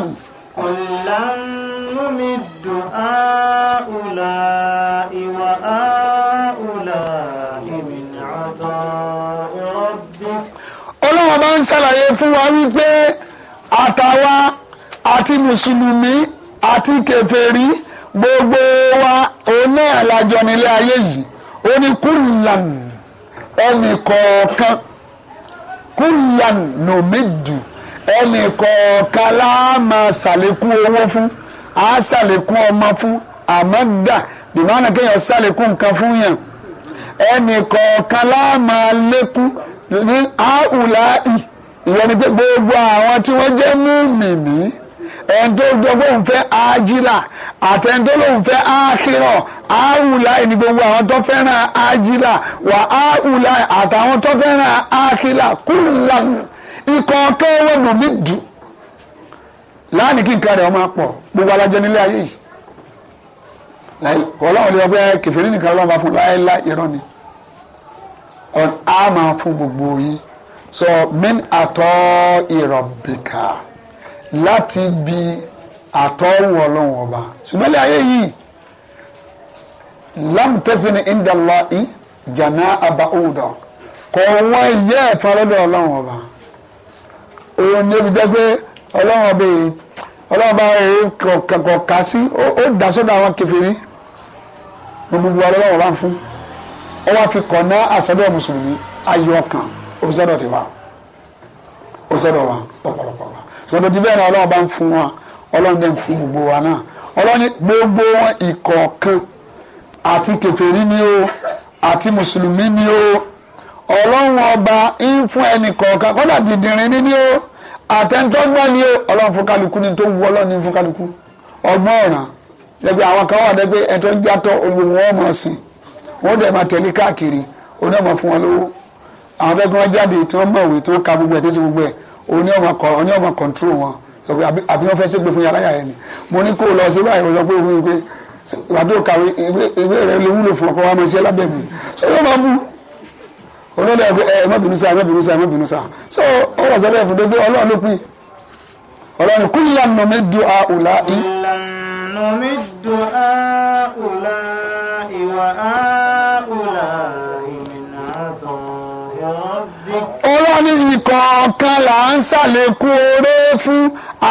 ọ̀làǹnùmí dùn á ùlà ìwà á ùlà ìmìnà àtọ̀ ìrọ́bí. ọlọ́run ọba ń ṣàlàyé fún wa wípé àtàwa àti mùsùlùmí àti kèfèrí gbogbo wa òun náà lajọ nílé ayé yìí ó ní kúlàn ẹnì kọ̀ọ̀kan kúlàn nòmídù la máa ṣàlékún owó fún a ṣàlékún ọmọ fún àmọ́ dà bìmọ́nà kéèyàn ṣàlékún nǹkan fún yàn ẹnì kọ̀ọ̀kan la máa lékún ní àwùlá ì ìyẹn ni pé gbogbo àwọn tí wọ́n jẹ́ múmìnì ẹni tó dọ́gbọ́ òun fẹ́ ájírà àtẹni tó lóun fẹ́ ákírọ̀ áwùlà ẹni gbogbo àwọn tó fẹ́ràn ájírà wà áwùlà àtàwọn tó fẹ́ràn ákírà kúlà ikọ̀ kẹ́wọ́ nù mí dùn láàánú kí nǹkan rẹ̀ ọmọ pọ̀ gbogbo alájọ nílé ayé yìí ọlọ́run lè ọgbẹ́ kẹfìrí nìkan ọlọ́run bá fún láéláé irọ́ ni a máa fún gbogbo yín sọ min àtọ́ ìrọ̀bìkà. So, láti bi àtọ́wò ọlọ́run ọba ṣùgbọ́n ilé ayé yìí lamtẹ́sí ni indala i jana aba òwúdà kò wọ́n yẹ ẹ̀fọn lọ́dọ̀ ọlọ́run ọba òun ni ebi jẹ́ pé ọlọ́run ọba yìí ọlọ́run ọba yìí kò kà sí ó dà sódò àwọn kẹfìrí gbogbo ọlọ́run ọba ń fún ó wá fi kọ̀ ná àsọdọ̀ mùsùlùmí ayọ̀ kan ó sọ́dọ̀ tiwa ó wa ọ̀pọ̀lọpọ̀ wa sọdọ ti bẹ́ẹ̀ náà ọlọ́run bá ń fún wa ọlọ́run dẹ̀ ń fún gbogbo wa náà ọlọ́run gbogbo wọn ìkọ̀ọ̀kan àti kèfèrí ni o àti mùsùlùmí ni o ọlọ́run ọba ń fún ẹnì kọ̀ọ̀kan kọ́dà dìdìrín ní ni o àtẹ̀ntọ́gbọ́n ni o ọlọ́run fún kálukú ni tó wù ọlọ́run fún kálukú ọgbọ́n ọ̀ràn lẹ́gbẹ́ àwọn kan wà lẹ́gbẹ́ ẹ̀tọ́ ń jatọ́ olùgbòmù wọn mọ̀ sí wọn dẹ̀ máa tẹ̀lé káàkiri onímọ̀ fún wọn lówó àwọn bẹ́ẹ̀ kí tí wọ́n mọ̀wé tí wọ́n ka gbogbo ẹ̀ tó gbogbo ẹ̀ òun ni ọmọ kọ òun ọmọ kọ̀ǹtró wọn àbí wọn fẹ́ ṣépè fún yàrá yàrá ẹni mo ní kó o lọ sí báyìí o sọ pé òun ìwé ìwádìí ò kàwé ìwé rẹ lè wúlò fún ọkọ wa máa ṣe lábẹ́ mi so yóò máa bú olóòlù ẹ ẹ má bínú sáà má bínú sáà má bínú sáà so ó wà sábẹ́ fún dédé ọlọ́run ló pín ọlọ́run kúlì lànà mi du àwùlá yìí. lànà mi du àwùlá ìwà á. ọlọ́ni ìkọ̀ọ̀kan là ń ṣàlékún oore fún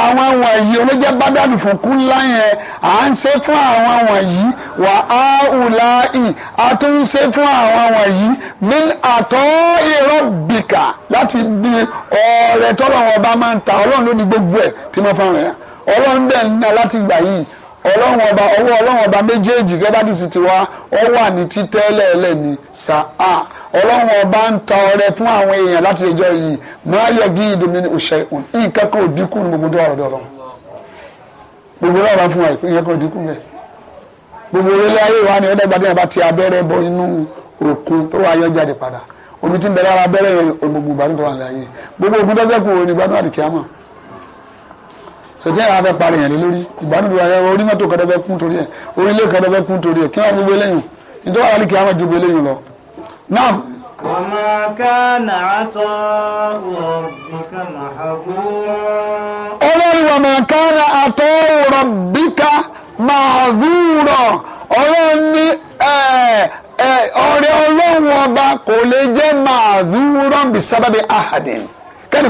àwọn wọ̀nyí olójẹ́ bádàlù fún kúńlá yẹn à ń ṣe fún àwọn wọ̀nyí wà á hùlà ì a tún ń ṣe fún àwọn wọ̀nyí ní àtọ́ ìrọ̀ bìkà láti bí ọ̀rẹ́ tọ́lọ́wọ́ bá máa ń ta ọlọ́run ló ní gbogbo ẹ̀ tí mo fọ́n rẹ̀ bẹ́ẹ̀ ń ná láti gbà yìí ọlọ́run ọba ọwọ́ ọlọ́run ọba méjèèjì gẹ́gẹ́ bí sì ti wá ọ wà ní títẹ́lẹ̀ ẹlẹ́ ní sáà ọlọ́run ọba ń ta ọrẹ fún àwọn èèyàn láti ẹjọ́ yìí máa yẹ kí ní òṣè ní gbogbo ọ̀rọ̀ gbogbo ọ̀rọ̀ fún wa ìpín bẹ́ẹ̀ gbogbo orílẹ̀ ayé wa sọtí àwọn afẹ́ parí yẹn lórí ìbánidọ́ ayé orí mọ́tò kọ́dọ́fẹ́ kún torí ẹ̀ orílẹ̀ kọ́dọ́fẹ́ kún torí ẹ̀ kí wọ́n gbogbo eléyìn nítorí àwọn àlìkè àwọn ìjọba eléyìn lọ. náà. ọmọ kánà àtọ́ rọ̀bìkà màhàbúrà. ọlọ́run ọmọ kánà àtọ́ rọ̀bìkà màhàbúrà ọlọ́run ní ọ̀rẹ́ ọlọ́run ọba kò lè jẹ́ màhàbúrà bí sábàbí ahadin kẹ́ni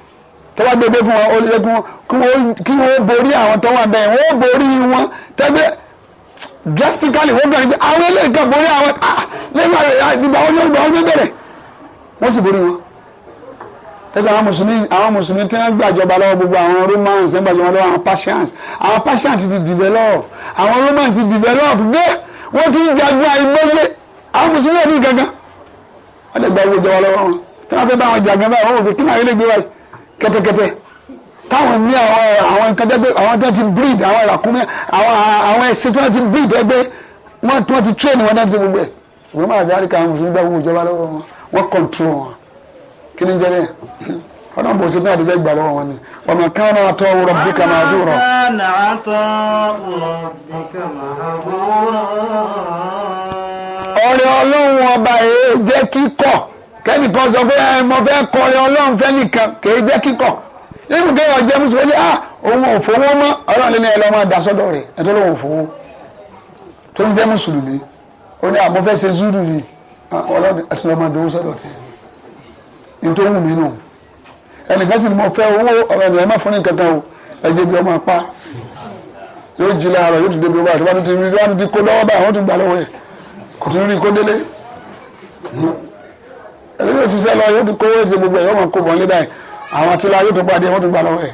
tó bá gbégbé fún wọn ó lè kún kí wọ́n borí àwọn tó wà bẹ́ẹ̀ wọ́n borí wọn tẹ́gbẹ́ drastically wọ́n bẹ̀rẹ̀ pé àwọn eléyìí kan borí àwọn ah, lẹ́yìn ìgbà wọn yóò gbà wọn yóò bẹ̀rẹ̀ wọ́n sì borí wọn. tẹ́gbẹ́ àwọn mùsùlùmí àwọn mùsùlùmí tí wọ́n gbàjọba lọ́wọ́ gbogbo àwọn romans wọ́n gbàjọba lọ́wọ́ àwọn persians àwọn persians ti develop àwọn romans ti develop gbé wọ́n ti ń jagun àìmọ́lé àwọn mùsùlùmí kẹ́tẹ́kẹ́tẹ́ táwọn ní àwọn nǹkan tẹ́gbẹ́ àwọn tó ti breed àwọn ìràkúnmí àwọn ẹ̀sìn tó ti breed ẹgbẹ́ wọ́n tó ti train wọn náà ti gbogbo ẹ̀ ṣùgbọ́n máa dárí ká àwọn mùsùlùmí gbà wọ́n ìjọba lọ́wọ́ wọn wọ́n control wọn kí ni jẹ́rẹ́ ọ̀nà bòsí náà ti fẹ́ gbà lọ́wọ́ wọn ni ọ̀nà kan náà tọ́ ọ̀rọ̀ bí kàmá àdúrà. ọ̀rẹ́ ọlọ́run ọba yìí jẹ́ kíkọ́ kẹ́nìkan sọ pé ẹ eh, mọ fẹ́ kọrin ọlọ́run fẹ́ nìkan kì í jẹ́ kíkọ̀ nínú kéèyàn jẹ́ mùsùlùmí ah òun ò fowó mọ́ ọlọ́run lẹ́nu ẹ lọ́ máa dà rẹ̀ ẹ tó lóun ò fowó tó ń jẹ́ mùsùlùmí ó ní àmọ́ ah, fẹ́ ṣe zúdù ni ah, ọlọ́run ẹ tó lọ́ máa dowó sọ́dọ̀ tẹ̀ nítorí wù mí nù ẹnìkan sì ni mo fẹ́ owó ọ̀rọ̀ ẹ̀ má fún ní kankan o ẹ jẹ́ bí ọmọ apá yóò jí láàárọ̀ yóò tún débi owó àti wọn ẹni yóò ṣiṣẹ́ lọ yóò tún kówó ètò gbogbo ẹ̀ yóò máa kó bọ̀ nílẹ̀ báyìí àwọn tí la yóò tún pàdé wọ́n tún gbà lọ́wọ́ ẹ̀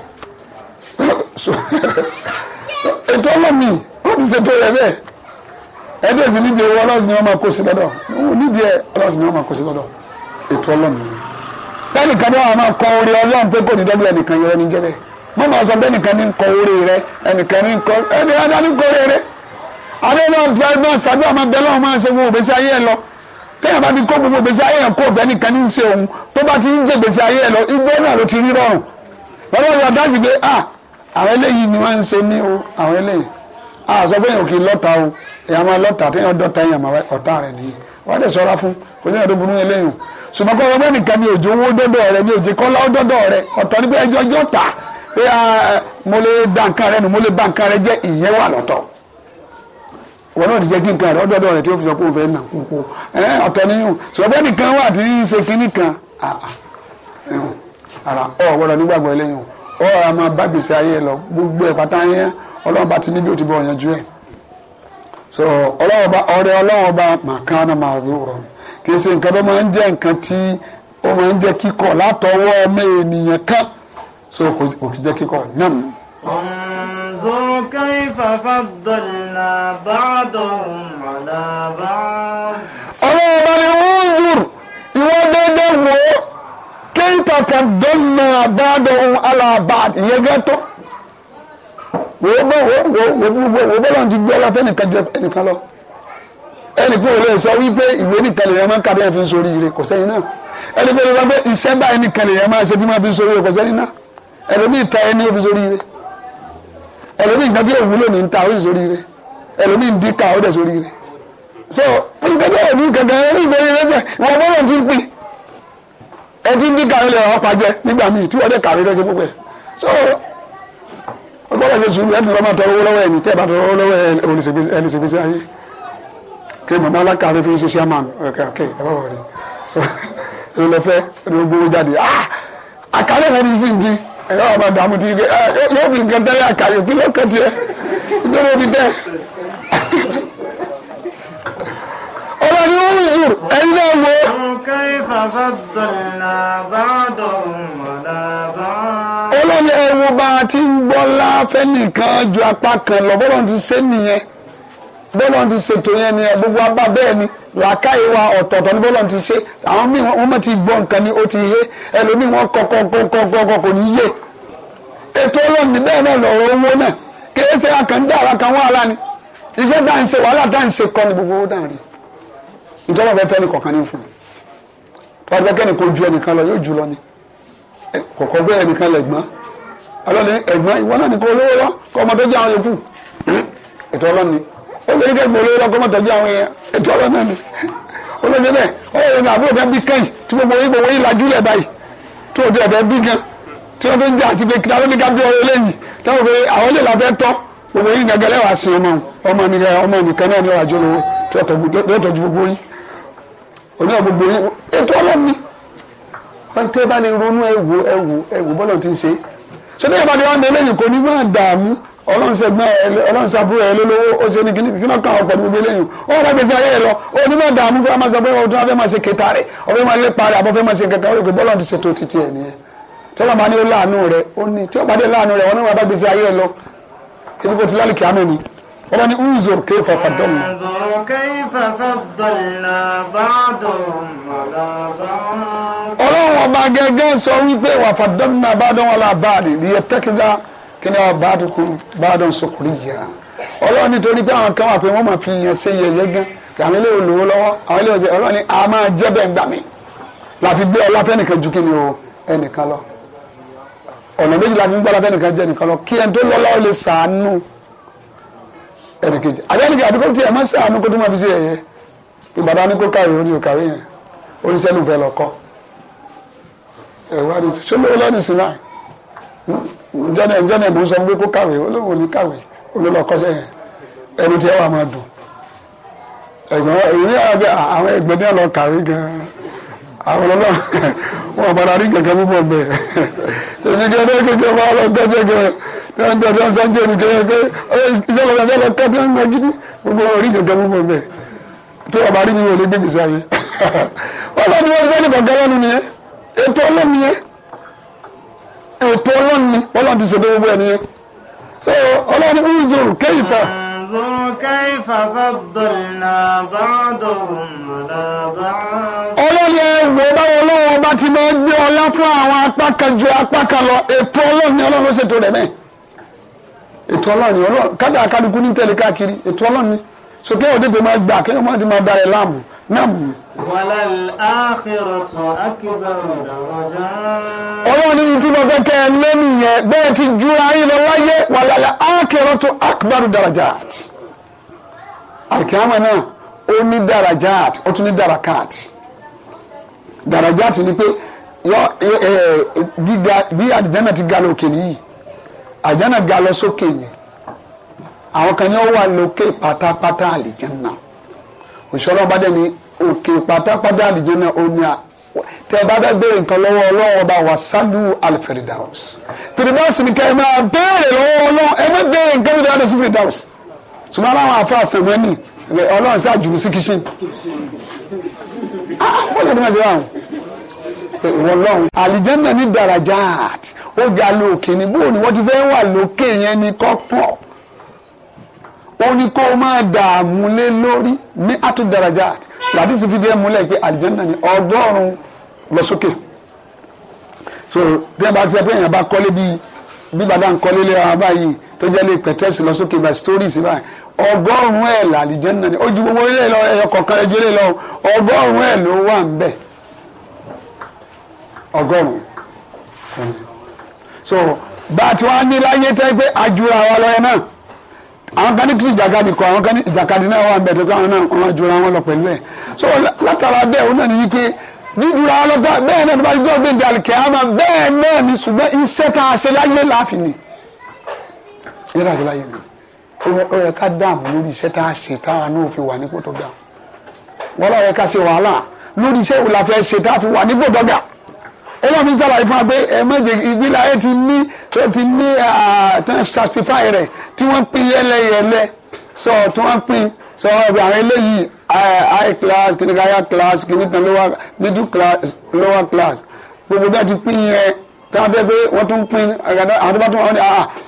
ètò ọlọ́mì ó ti ṣètò rẹ̀ bẹ́ẹ̀ ẹbí ẹ̀sìn nídìí owó ọlọ́sìn ni wọ́n máa kó sí lọ́dọ̀ nídìí ọlọ́sìn ni wọ́n máa kó sí lọ́dọ̀ ètò ọlọ́mì bẹ́ẹ̀ni kan náà máa kọ orí ọlọ́run pé kò ní dọ́gbẹ́ ẹnìkan yẹn ní jẹ́bẹ̀ bẹ́ẹ̀ náà téèyàn bá ti kó gbogbo gbèsè ayé yẹn kó ọbẹ̀ nìkan ní í ṣe òun tó bá ti ń jẹ gbèsè ayé yẹn lọ igbó náà ló ti rí rọrùn lọ́dọ̀ yóò dá sí pé ah àwọn eléyìí ni wọ́n ń ṣe mí o àwọn eléyìí ah sọ pé èèyàn kì í lọ́ta o èèyàn máa lọ́ta téèyàn dọ́ta èèyàn máa ọ̀tá rẹ̀ nìyí wọ́n dẹ̀ sọ́ra fún kò sí ẹ̀dọ́ burú eléyìí ṣùgbọ́n kọ́ ọmọ nìkan mi ò jó owó dọ́dọ̀ rẹ mi ò jẹ́ kọ́lá dọ́dọ̀ rẹ ọ̀tọ̀ ní wọn náà ti jẹ́ kí nǹkan rẹ̀ ọdọọdọ rẹ̀ tí ó fi sọ pé òun fẹ́ nà kúkú ọ̀tọ̀ nìyẹn ṣùgbọ́n nìkan wà tí ń ṣe kínní kan ara ọ̀ gbọ́dọ̀ nígbàgbọ́ eléyìí ọ̀ ra máa bá gbèsè ayé lọ gbogbo ẹ̀ pátá yẹn ọlọ́run bá ti níbi òtí bọ̀ ọ̀yànjú ẹ̀ so ọlọ́run bá ọrẹ ọlọ́run bá màkánná máa rú rọ kì í ṣe nǹkan tó máa ń jẹ́ nǹkan tí ó máa ń jẹ́ kíkọ̀ látọwọ́ ọmọ ènìyàn kan so kò jẹ́ kíkọ̀ náà. انظر كيف فضلنا بعضهم على بعض ọlọ́run bá ní unzur ìwọ déédéé wò ó كيف فضلنا بعضهم على بعض ìyẹn gẹ́ tó wò ó bọ̀ wò ó wò ó wò ó bọ́lá ti gbé ọlá fẹ́nìkan jọ ẹnìkan lọ ẹnì kò lè sọ wípé ìwé nìkan lè yẹn máa ń kàdé yẹn fi ń sórí ire kò sẹ́yìn náà ẹnì kò lè sọ pé ìṣẹ́ báyìí nìkan lè yẹn máa ṣe tí máa fi ń sórí ire kò sẹ́yìn náà ẹ̀rọ mi ta ẹni ó fi sórí ire ẹlòmíì nǹkan tí ò ta ó sì sórí rẹ ẹlòmíì ń díkà ó dẹ̀ sórí rẹ so nǹkan tí ò ní kankan ó sórí rẹ jẹ ìwọ bọ́lá ti ń pin ẹ ti ń díkà ó lè ọ̀pá jẹ nígbà míì tí wọ́n dẹ̀ kàwé lọ́sẹ̀ púpẹ̀ so ọgbọ́dọ̀ ṣe sùúrù ẹ̀dùn lọ́mọ tọrọ lọ́wọ́ ẹni tẹ́ bá tọrọ lọ́wọ́ ẹni ṣègbésí ayé kí màmá alákàrẹ́ fi ṣe ṣíàmán ọ̀kẹ́ ọ̀kẹ́ ẹ̀rọ rẹ̀ so èrò lẹ́fẹ́ ẹ̀rọ gbowó jáde ah àkàrẹ́ rẹ̀ ní ń dín ẹ̀rọ ọba dààmú ti ṣe ah, yóò fi nǹkan tẹ́lẹ̀ àkàyè kí lọ́kàn tiẹ̀ nítorí omi tẹ́ ọba ni wọ́n wù ẹ̀yin náà wo. ọlọ́ni ẹ̀wọ̀n bá a ti ń gbọ́ láfẹ́ nìkan ju apá kan lọ bọ́lá ti ṣe nìyẹn. bọ́lọ̀ ti ṣètò yẹn ni gbogbo abá bẹ́ẹ̀ ni làákàyè wa ọ̀tọ̀ọ̀tọ̀ ni bọ́lọ̀ ti ṣe àwọn míì wọ́n ti gbọ́ nǹkan ni ó ti yé ẹlòmíì wọ́n kọ̀kọ̀kọ̀kọ̀ kò ní yé ètò ọlọ́run ni bẹ́ẹ̀ náà lọ̀rọ̀ owó náà kìí ṣe àkàndá kan wọ́n ara ni iṣẹ́ dá ń ṣe wàhálà dá ń ṣe kọ́ ni gbogbo owó dà rí ìjọba fẹ́ fẹ́ ni fún un obìnrin kẹ́kọ̀ọ́ olóyè lọ́kọ́ mọ́ tọ́jú àwọn èèyàn ètò ọ̀rọ̀ náà ni olóyè bẹ́ẹ̀ ọ̀rọ̀ yẹn àbúrò kan bí kẹ́yìn tí gbogbo yín gbogbo yín lajú lẹ̀ báyìí tí o ti ẹ̀fẹ́ bí gan tí wọ́n fi ń jà sí pé kí ló ní ká bí ọ̀rọ̀ eléyìí táwọn pé àwọn lè labẹ́ tọ́ gbogbo yín gẹ́gẹ́ lẹ́wà sí ọmọ ọmọ nìkan ọmọ nìkan náà ni wàá jọ lówó tí wọ́n tọ́jú gbogbo yín òní ọ̀ gbogbo yín ètò ọlọ́ni wọ́n tẹ́ bá ní ronú ẹ̀wò ẹ̀wò ẹ̀wò bọ́lọ̀ ti ń ṣe ṣé bí ìbàdàn wọn bẹ lẹ́yìn kò ní máa dààmú ọlọ́nsẹ̀gbọ́n ẹ ọlọ́nsàbúrò ẹ lólówó ó ṣe ní kíní kíní kan ọ̀pọ̀ gbogbo eléyìí ó wọ́n gbèsè ayé rẹ lọ ó ní má dààmú fún amásá pé ọdún afẹ́ máa ṣe kẹta rẹ ọfẹ́ máa lépa rẹ àbọ̀fẹ́ máa ṣe kẹta rẹ bọ́lá ti ṣètò títí ẹ̀ nìyẹn tí ọba ní ó láàánú rẹ ó ní tí ọba dé láàánú rẹ wọn náà wà bá gbèsè ayé lọ ibi kò ti lálùkì àmì ni ọba ní unzur kayfa faddalna. ọlọ́run ọba gẹ́gẹ́ sọ wípé wà faddalna ba'dahum ala ba'din liyattakida kíni ọ bàdùkún bàdùn sùkúrì yà ọlọ́run nítorí pé àwọn kan wà pé wọ́n máa fi yàn ṣe yẹ̀yẹ́ gan làwọn eléyìí olówó lọ́wọ́ àwọn eléyìí ọ̀sẹ̀ ọlọ́run ni a máa jẹ́ bẹ́ẹ̀ gbà mí làfi gbé ọlá fẹ́nìkan ju kíni o ẹnìkan lọ ọ̀nà méjì làfi ń gbọ́dọ̀ fẹ́nìkan jẹ́ ẹnìkan lọ kí ẹni tó lọ́lá ó lè sàánú ẹnìkejì àbẹ́nìkejì àdúgbò tiẹ̀ máa sàánú kó tó máa fi ṣe yẹ̀yẹ́ ìbàdàn ní kó kàwé orí òkàwé yẹn oníṣẹ́nu fẹ́ lọ kọ́ ẹ̀wá ni ṣọlọ́wọ́ lọ́nìí jọ́nà jọ́nà ìbò sọ pé kó kàwé olóhùn ní kàwé olólọ kọ́sẹ̀ yẹn ẹnu tí ẹ wà máa dùn ẹ̀gbọ́n ìwé àwọn ẹgbẹ́ ní ọ̀lọ́ kàwé gan-an àwọn ọlọ́ wọn padà rí kẹ̀kẹ́ púpọ̀ bẹ̀ èmi gẹ́gẹ́ kékeré wọn lọ gbẹ́sẹ̀ gẹ́gẹ́ tí wọ́n ń tẹ̀ tí wọ́n sọ́jú èmi gẹ́gẹ́ iṣẹ́ lọ́dọ̀ bẹ́ẹ̀ tí wọ́n ètò ọlọ́run ni ti gbogbo ẹ̀ so ọlọ́run ń zòrò kéyìfà. ọlọ́run ẹ báwo ọlọ́run ọba ti máa gbé ọlá àwọn apá kan ju apá kan lọ ètò ọlọ́run ni ṣètò rẹ̀ bẹ́ẹ̀ ètò kádà ní tẹ̀lé káàkiri ètò sókè máa gbà kéèyàn máa ọlọ́run ní ìtú bá fẹ́ kẹ́ ẹ lẹ́nu yẹn bẹ́ẹ̀ ti ju ayé lọ láyé wàlálà ákẹ́rọ̀tò akbaru darajat àkìámọ̀ náà ó ní darajat ó tún ní darakat darajat ni pé bí àdìjánà ti ga lókè nìyí àdìjánà ga lọ sókè yẹn àwọn kan ní wà lókè pátápátá àlìjánà òṣèlú ọba dẹ́ni òkè pátápátá àdìjẹ náà ó ní à tẹ bá bẹ béèrè nǹkan lọ́wọ́ Ọlọ́run ọba wasalu alifiridaus firidaus ni kẹrin máa béèrè lọ́wọ́ Ọlọ́run ẹ bẹ béèrè nǹkan bí dáadọ sí firidaus ṣùgbọ́n àwọn afọ àṣẹmọ́nì Ọlọ́run sí àjùmí sí kíṣìn ah wọ́n lè dé máa ṣe báwọn wọlọ́run àlìjẹ́nà ní darajat ó ga lókè ní bóun ni wọ́n ti fẹ́ wà lókè yẹn ní kọ́pọ̀ ó ní kó máa dààmú lé lórí ní àtúndàrájà làdísì fìdí ẹ múlẹ̀ pé àlìjẹ́nà ni ọgọ́rùn-ún lọ sókè so tí a bá ti sọ pé èèyàn bá kọ́lé bíi bí bàbá ń kọ́lé lé ara báyìí tó jẹ́ lé pẹ̀tẹ́sì lọ sókè bá sítórìsì báyìí ọgọ́rùn-ún ẹ̀ làlìjẹ́nà ni ojú gbogbo ilé lọ ẹyọ kọ̀ọ̀kan ẹjọ́ ilé lọ ọgọ́rùn-ún ẹ̀ ló wà ń bẹ̀ ọgọ́rùn-ún so bá a ti wá ní láyé tẹ́ pé àjùra wa lọ́yẹ náà àwọn kan ní kiri jàkadì kọ àwọn kan ní jàkadì náà wà bẹ̀rẹ̀ pé àwọn náà wọn jura wọn lọ pẹ̀lú ẹ̀ so látara bẹ́ẹ̀ òun náà nìyí pé dídúrà ọlọ́tà bẹ́ẹ̀ náà nípa ìjọ gbé dàlùkẹ́ àmà bẹ́ẹ̀ náà ní ṣùgbọ́n iṣẹ́ tá a ṣe láyé láàfin ni iṣẹ́ tá a ṣe láyé ni ó yẹ ká dààmú lórí iṣẹ́ tá a ṣe tá a náà fi wà nípò tó ga wọ́n lọ́ọ́ yẹ ká ṣe wàhálà lórí iṣẹ́ ìwòlàfẹ́ ṣe tá a fi wà nípò tó ga ẹlẹ́yìn mi sàlàyé fún wa pé ẹ méje ìgbìlẹ̀ ayé ti ní tó ti ní tán certify rẹ̀ tí wọ́n pín yẹ́lẹ́yẹ́lẹ́ sọ tí wọ́n pín sọ ẹ̀bí àwọn eléyìí high class kìíní kan higher class kìíní kan lower middle class lower class gbogbo bẹ́ẹ̀ ti pín yẹn tí wọ́n bẹ́ẹ̀ pé wọ́n tún pín àwọn tó bá tún wọ́n ní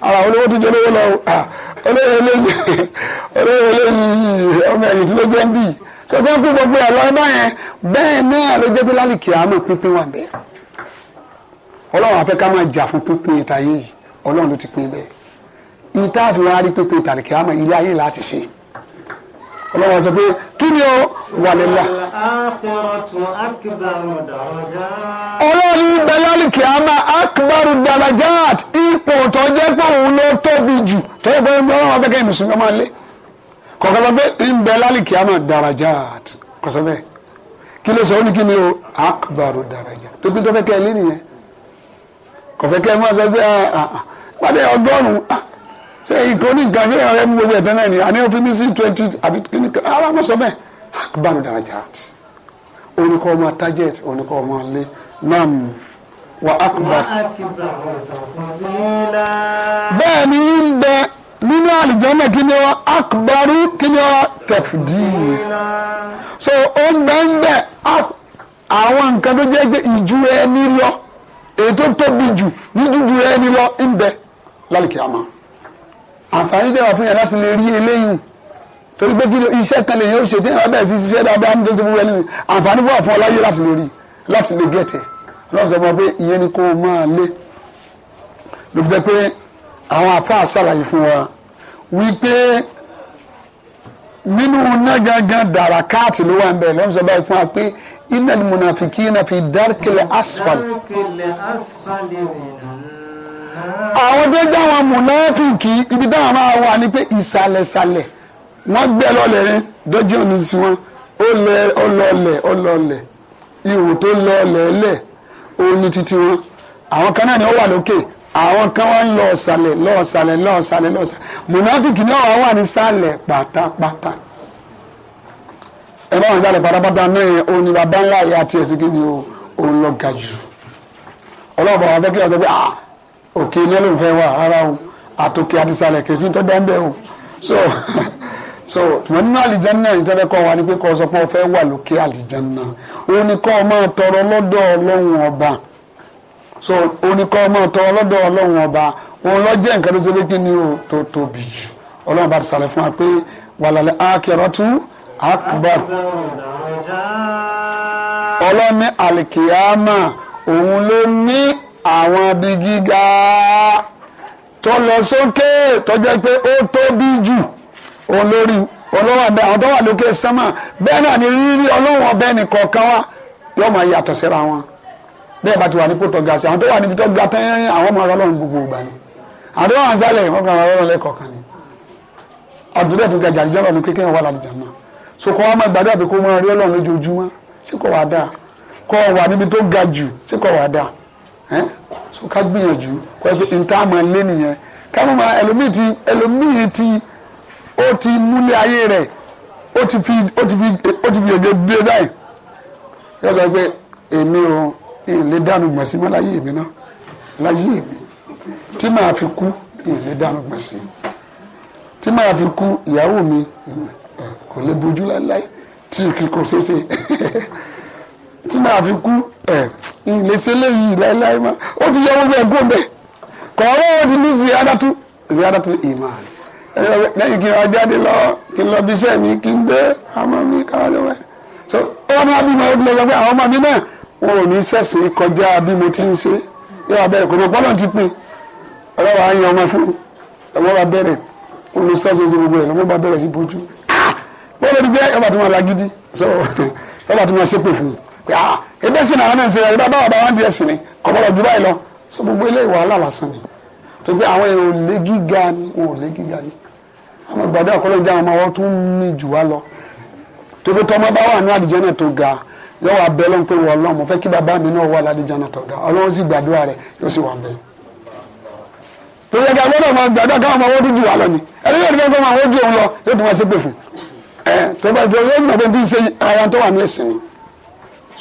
ara olówó tó jẹ́ olówó lọ olówó eléyìí olówó eléyìí ọmọ ẹ̀yìn tí ló jẹ́ ń bì sọ tí wọ́n pín gbogbo ẹ̀ lọ́ọ́ báyẹn bẹ́ẹ̀ náà ló jẹ́ pé lálẹ́ kìámù pínpín wà bẹ́ẹ̀ ọlọ́run afẹ́ ká máa jà fún pínpín ìta yìí ọlọ́run ló ti pín bẹ́ẹ̀ ìta àfi wọn á rí pínpín ìta nìkẹ́ àmọ́ ilé ayé láti ṣe ọlọ́run sọ pé kí ni ó wà lẹ́la. ọlọ́run bẹ́lálì kìámà akbaru darajat ipò tó jẹ́ pé òun ló tóbi jù tó yẹ pé ọlọ́run afẹ́ kẹ́hìn mùsùlùmí máa lé kọ̀ọ̀kan sọ pé ń bẹ́lálì kìámà darajat kọ̀sọ́ kí ló sọ ó ní kí ni ó akbaru darajat tó bí tó fẹ́ kẹ́ ẹ lé nìyẹn kọ̀fẹ́ kẹ́ ẹ máa sọ pé ah, ah, ah, pàdé ọgọ́rùn-ún ṣe ìkóní nǹkan ṣe ìrànlẹ́ mú gbogbo ẹ̀tẹ́ náà ni àní òfin mi sí twenty àbí kíní kan ara mọ̀ sọ bẹ́ẹ̀ akbaru darajat oníkọ́ ọmọ target oníkọ́ ọmọ lé nam wa akbar. bẹ́ẹ̀ ni ń bẹ nínú àlìjẹ́nà kí ni akbaru kí ni wọ́n so ó ń bẹ́ẹ̀ ń bẹ́ẹ̀ àwọn nǹkan tó jẹ́ pé ìjú ẹni lọ èyí tó tóbi jù ní dúdú rẹ ni lọ ń bẹ lálùkì àmọ́ àǹfààní dẹ̀ wà fún yàrá láti lè rí eléyìí torí pé kí iṣẹ́ kan lè yẹn ó ṣe tí yàrá bẹ̀rẹ̀ sí ṣiṣẹ́ dáadáa ní tó ti mú rẹ nìyí àǹfààní bọ̀ fún ọ láyé láti lè rí láti lè gẹ̀tẹ̀ lọ́wọ́ sọ fún ọ pé ìyẹn ni kó máa lé ló jẹ́ pé àwọn àfáà ṣàlàyé fún wa wípé nínú náà gangan dàràkáàtì ló wà ń bẹ̀ lọ́wọ́ sọ inna المنافقين في الدرك الأسفل، àwọn tó jẹ́ àwọn munafiki ibi táwọn máa wà ní pé ìsàlẹ̀sàlẹ̀ wọ́n gbé lọ́lẹ̀ rẹ dọ́jú ọ̀nà sí wọn ó lẹ ọlọ́ọ̀lẹ̀ ọlọ́ọ̀lẹ̀ ihò tó lọ lẹ́ẹ̀lẹ̀ omi títí wọn àwọn kan náà ni ó wà lókè àwọn kan wá ń lọ ọ̀sàlẹ̀ lọ ọ̀sàlẹ̀ náà wà ní sàlẹ̀ pátápátá ẹ̀rọ àwọn ìsàlẹ̀ pátápátá náà yẹn òun ni bàbá ńlá yẹn àti ẹ̀sìn kìíní o òun lọ ga jù ọlọ́ọ̀bà wà fẹ́ kí wọ́n sọ pé ah òkè ni ẹlòmí fẹ́ wà rárá o àtòkè àti ìsàlẹ̀ kìí sí tó dán bẹ́ẹ̀ o so so tùmọ̀ nínú àlìjánná yìí tẹ́lẹ̀ kọ́ wa ni pé kọ́ sọ pé o fẹ́ wà lókè àlìjánná òun ni kọ́ tọrọ lọ́dọ̀ ọlọ́run ọba so òun ni kọ́ máa tọrọ lọ́dọ̀ ọlọ́run ọba òun lọ jẹ́ nǹkan tó ṣe pé kí ni o tó tóbi ọlọ́run bá ti sàlẹ̀ fún wa pé wàlàlẹ̀ ákẹ́rọ́tún akbar ọlọ́ni alikiyama òun ló ní àwọn ibi gíga tó lọ sókè tó jẹ́ pé ó tóbi jù olórí ọlọ́wọ́ àbẹ àwọn tó wà lókè sẹ́mà bẹ́ẹ̀ náà ni rírí ọlọ́wọ́ ọbẹ̀ nìkan kan wá yóò máa yàtọ̀ síra wọn bẹ́ẹ̀ bá ti wà ní kó tó ga sí àwọn tó wà níbi tó ga tán àwọn ọmọ ọlọ́run gbogbo ìgbà ni àwọn tó wà ń sálẹ̀ wọn kàn ọlọ́run lẹ́kọ̀ọ́ kan ni àdúrà tó so kọ́ wa máa gbàdúrà pé kó máa rí ọlọ́run lójoojúmọ́ ṣé kò wá dáa kọ́ wà níbi tó ga jù ṣé kò wá dáa ẹ́ so ká gbìyànjú kọ́ ẹ pé nta máa lé nìyẹn ká má máa ẹlòmíì ti ẹlòmíì ti ó ti múlé ayé rẹ̀ ó ti fi ó ti fi ó ti fi èdè dé báyìí yóò sọ pé èmi ò ìlé dànù gbọ̀nsí mọ́ láyé mi náà láyé mi tí màá fi kú ìlé dànù gbọ̀nsí tí màá fi kú ìyàwó mi kò lè bójú láéláé tí kò ṣeé ṣe tí màá fi kú ẹ lè ṣe léyìí láéláé má ó ti yẹ wọlé ẹgbọn bẹ kọ ọ̀rọ̀ wọn ti ní ziyadatu ziyadatu iman lẹ́yìn kí n ajáde lọ kí n lọ bí iṣẹ́ mi kí n gbé àmọ́ mi káwọn lọ wẹ so ọmọ abimọ ó lè sọ pé àwọn ọmọ mi náà wọn ò ní sẹ̀sìn kọjá bí mo ti ń ṣe yóò abẹ́rẹ́ kò mọ̀ bọ́lọ̀ ti pin ọlọ́wọ́ á yan ọmọ fún un ọmọ bá bẹ̀rẹ̀ olùsọ́sọ́ sí gbogbo ẹ̀ lọ́mọ bá bẹ̀rẹ̀ sí bójú bọ́ọ̀lù ti jẹ́ yọba tó máa lagidi yọba tó máa ṣépè fún un pé ah ebe sì náà náà ń ṣe ẹ̀ báwa bá wá ń di ẹ̀sìn ni kọ̀bọ̀lọ̀ ju báyìí lọ so gbogbo eléyìí wàhálà lásán ni tó gbé àwọn èrò lé gíga ni wọn ò lé gíga ni àwọn ìgbàdo àkọlọ́jà àwọn ọmọ wọn tún ní jù wá lọ tó gbé tọ́mọ bá wà ní àdìjẹ́ náà tó ga yóò wá bẹ lọ́n pé wọ́n lọ́n mo fẹ́ kí bàbá mi náà wà ládìjẹ́ náà tó ga ọlọ́run sì gbàdúrà rẹ̀ yóò sì wà bẹ́ẹ̀. tó yẹ kí agbọ́dọ̀ máa gbàdúrà káwọn ọmọ wọn tún jù wá lọ ni ẹni yóò dúró pé wọn àwọn ojú òun lọ yóò tún wọn ṣépè fún un ẹ tọ́ba jọ yóò gbàgbé tí ń ṣe ara tó wà ní ẹ̀sìn ni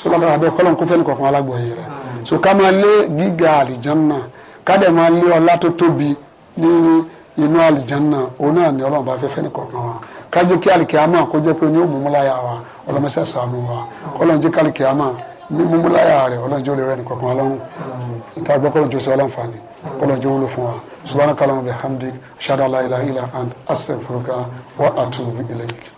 so lọ́kàrà bẹ́ẹ̀ kọ́lọ́n kó fẹ́ni kọ̀ọ̀kan alágbọ̀nyẹ rẹ̀ so ká máa lé gíga àlìjánná ká dẹ̀ máa lé ọlá tó tóbi ní inú àlìjánná òun náà ni ọlọ́run bá fẹ́ fẹ́ni kọ̀ọ̀kan wa ká jẹ́ kí àlìkìyámà kó jẹ́ pé ní òmùmúláyà wa ọlọ́mọṣẹ́ ṣàánú wa kọ́lọ́n jẹ́ kálìkìyámà ní múmúláyà rẹ̀ ọlọ́run jẹ́ olè rẹ̀ nìkọ̀ọ̀kan ọlọ́run ìta gbọ́ kọ́lọ́n jọ sí ọlọ́nfààní kọ́lọ́n jọ wúlò fún wa subhanaka Allahumma bihamdik ashhadu an la ilaha illa ant astaghfiruka wa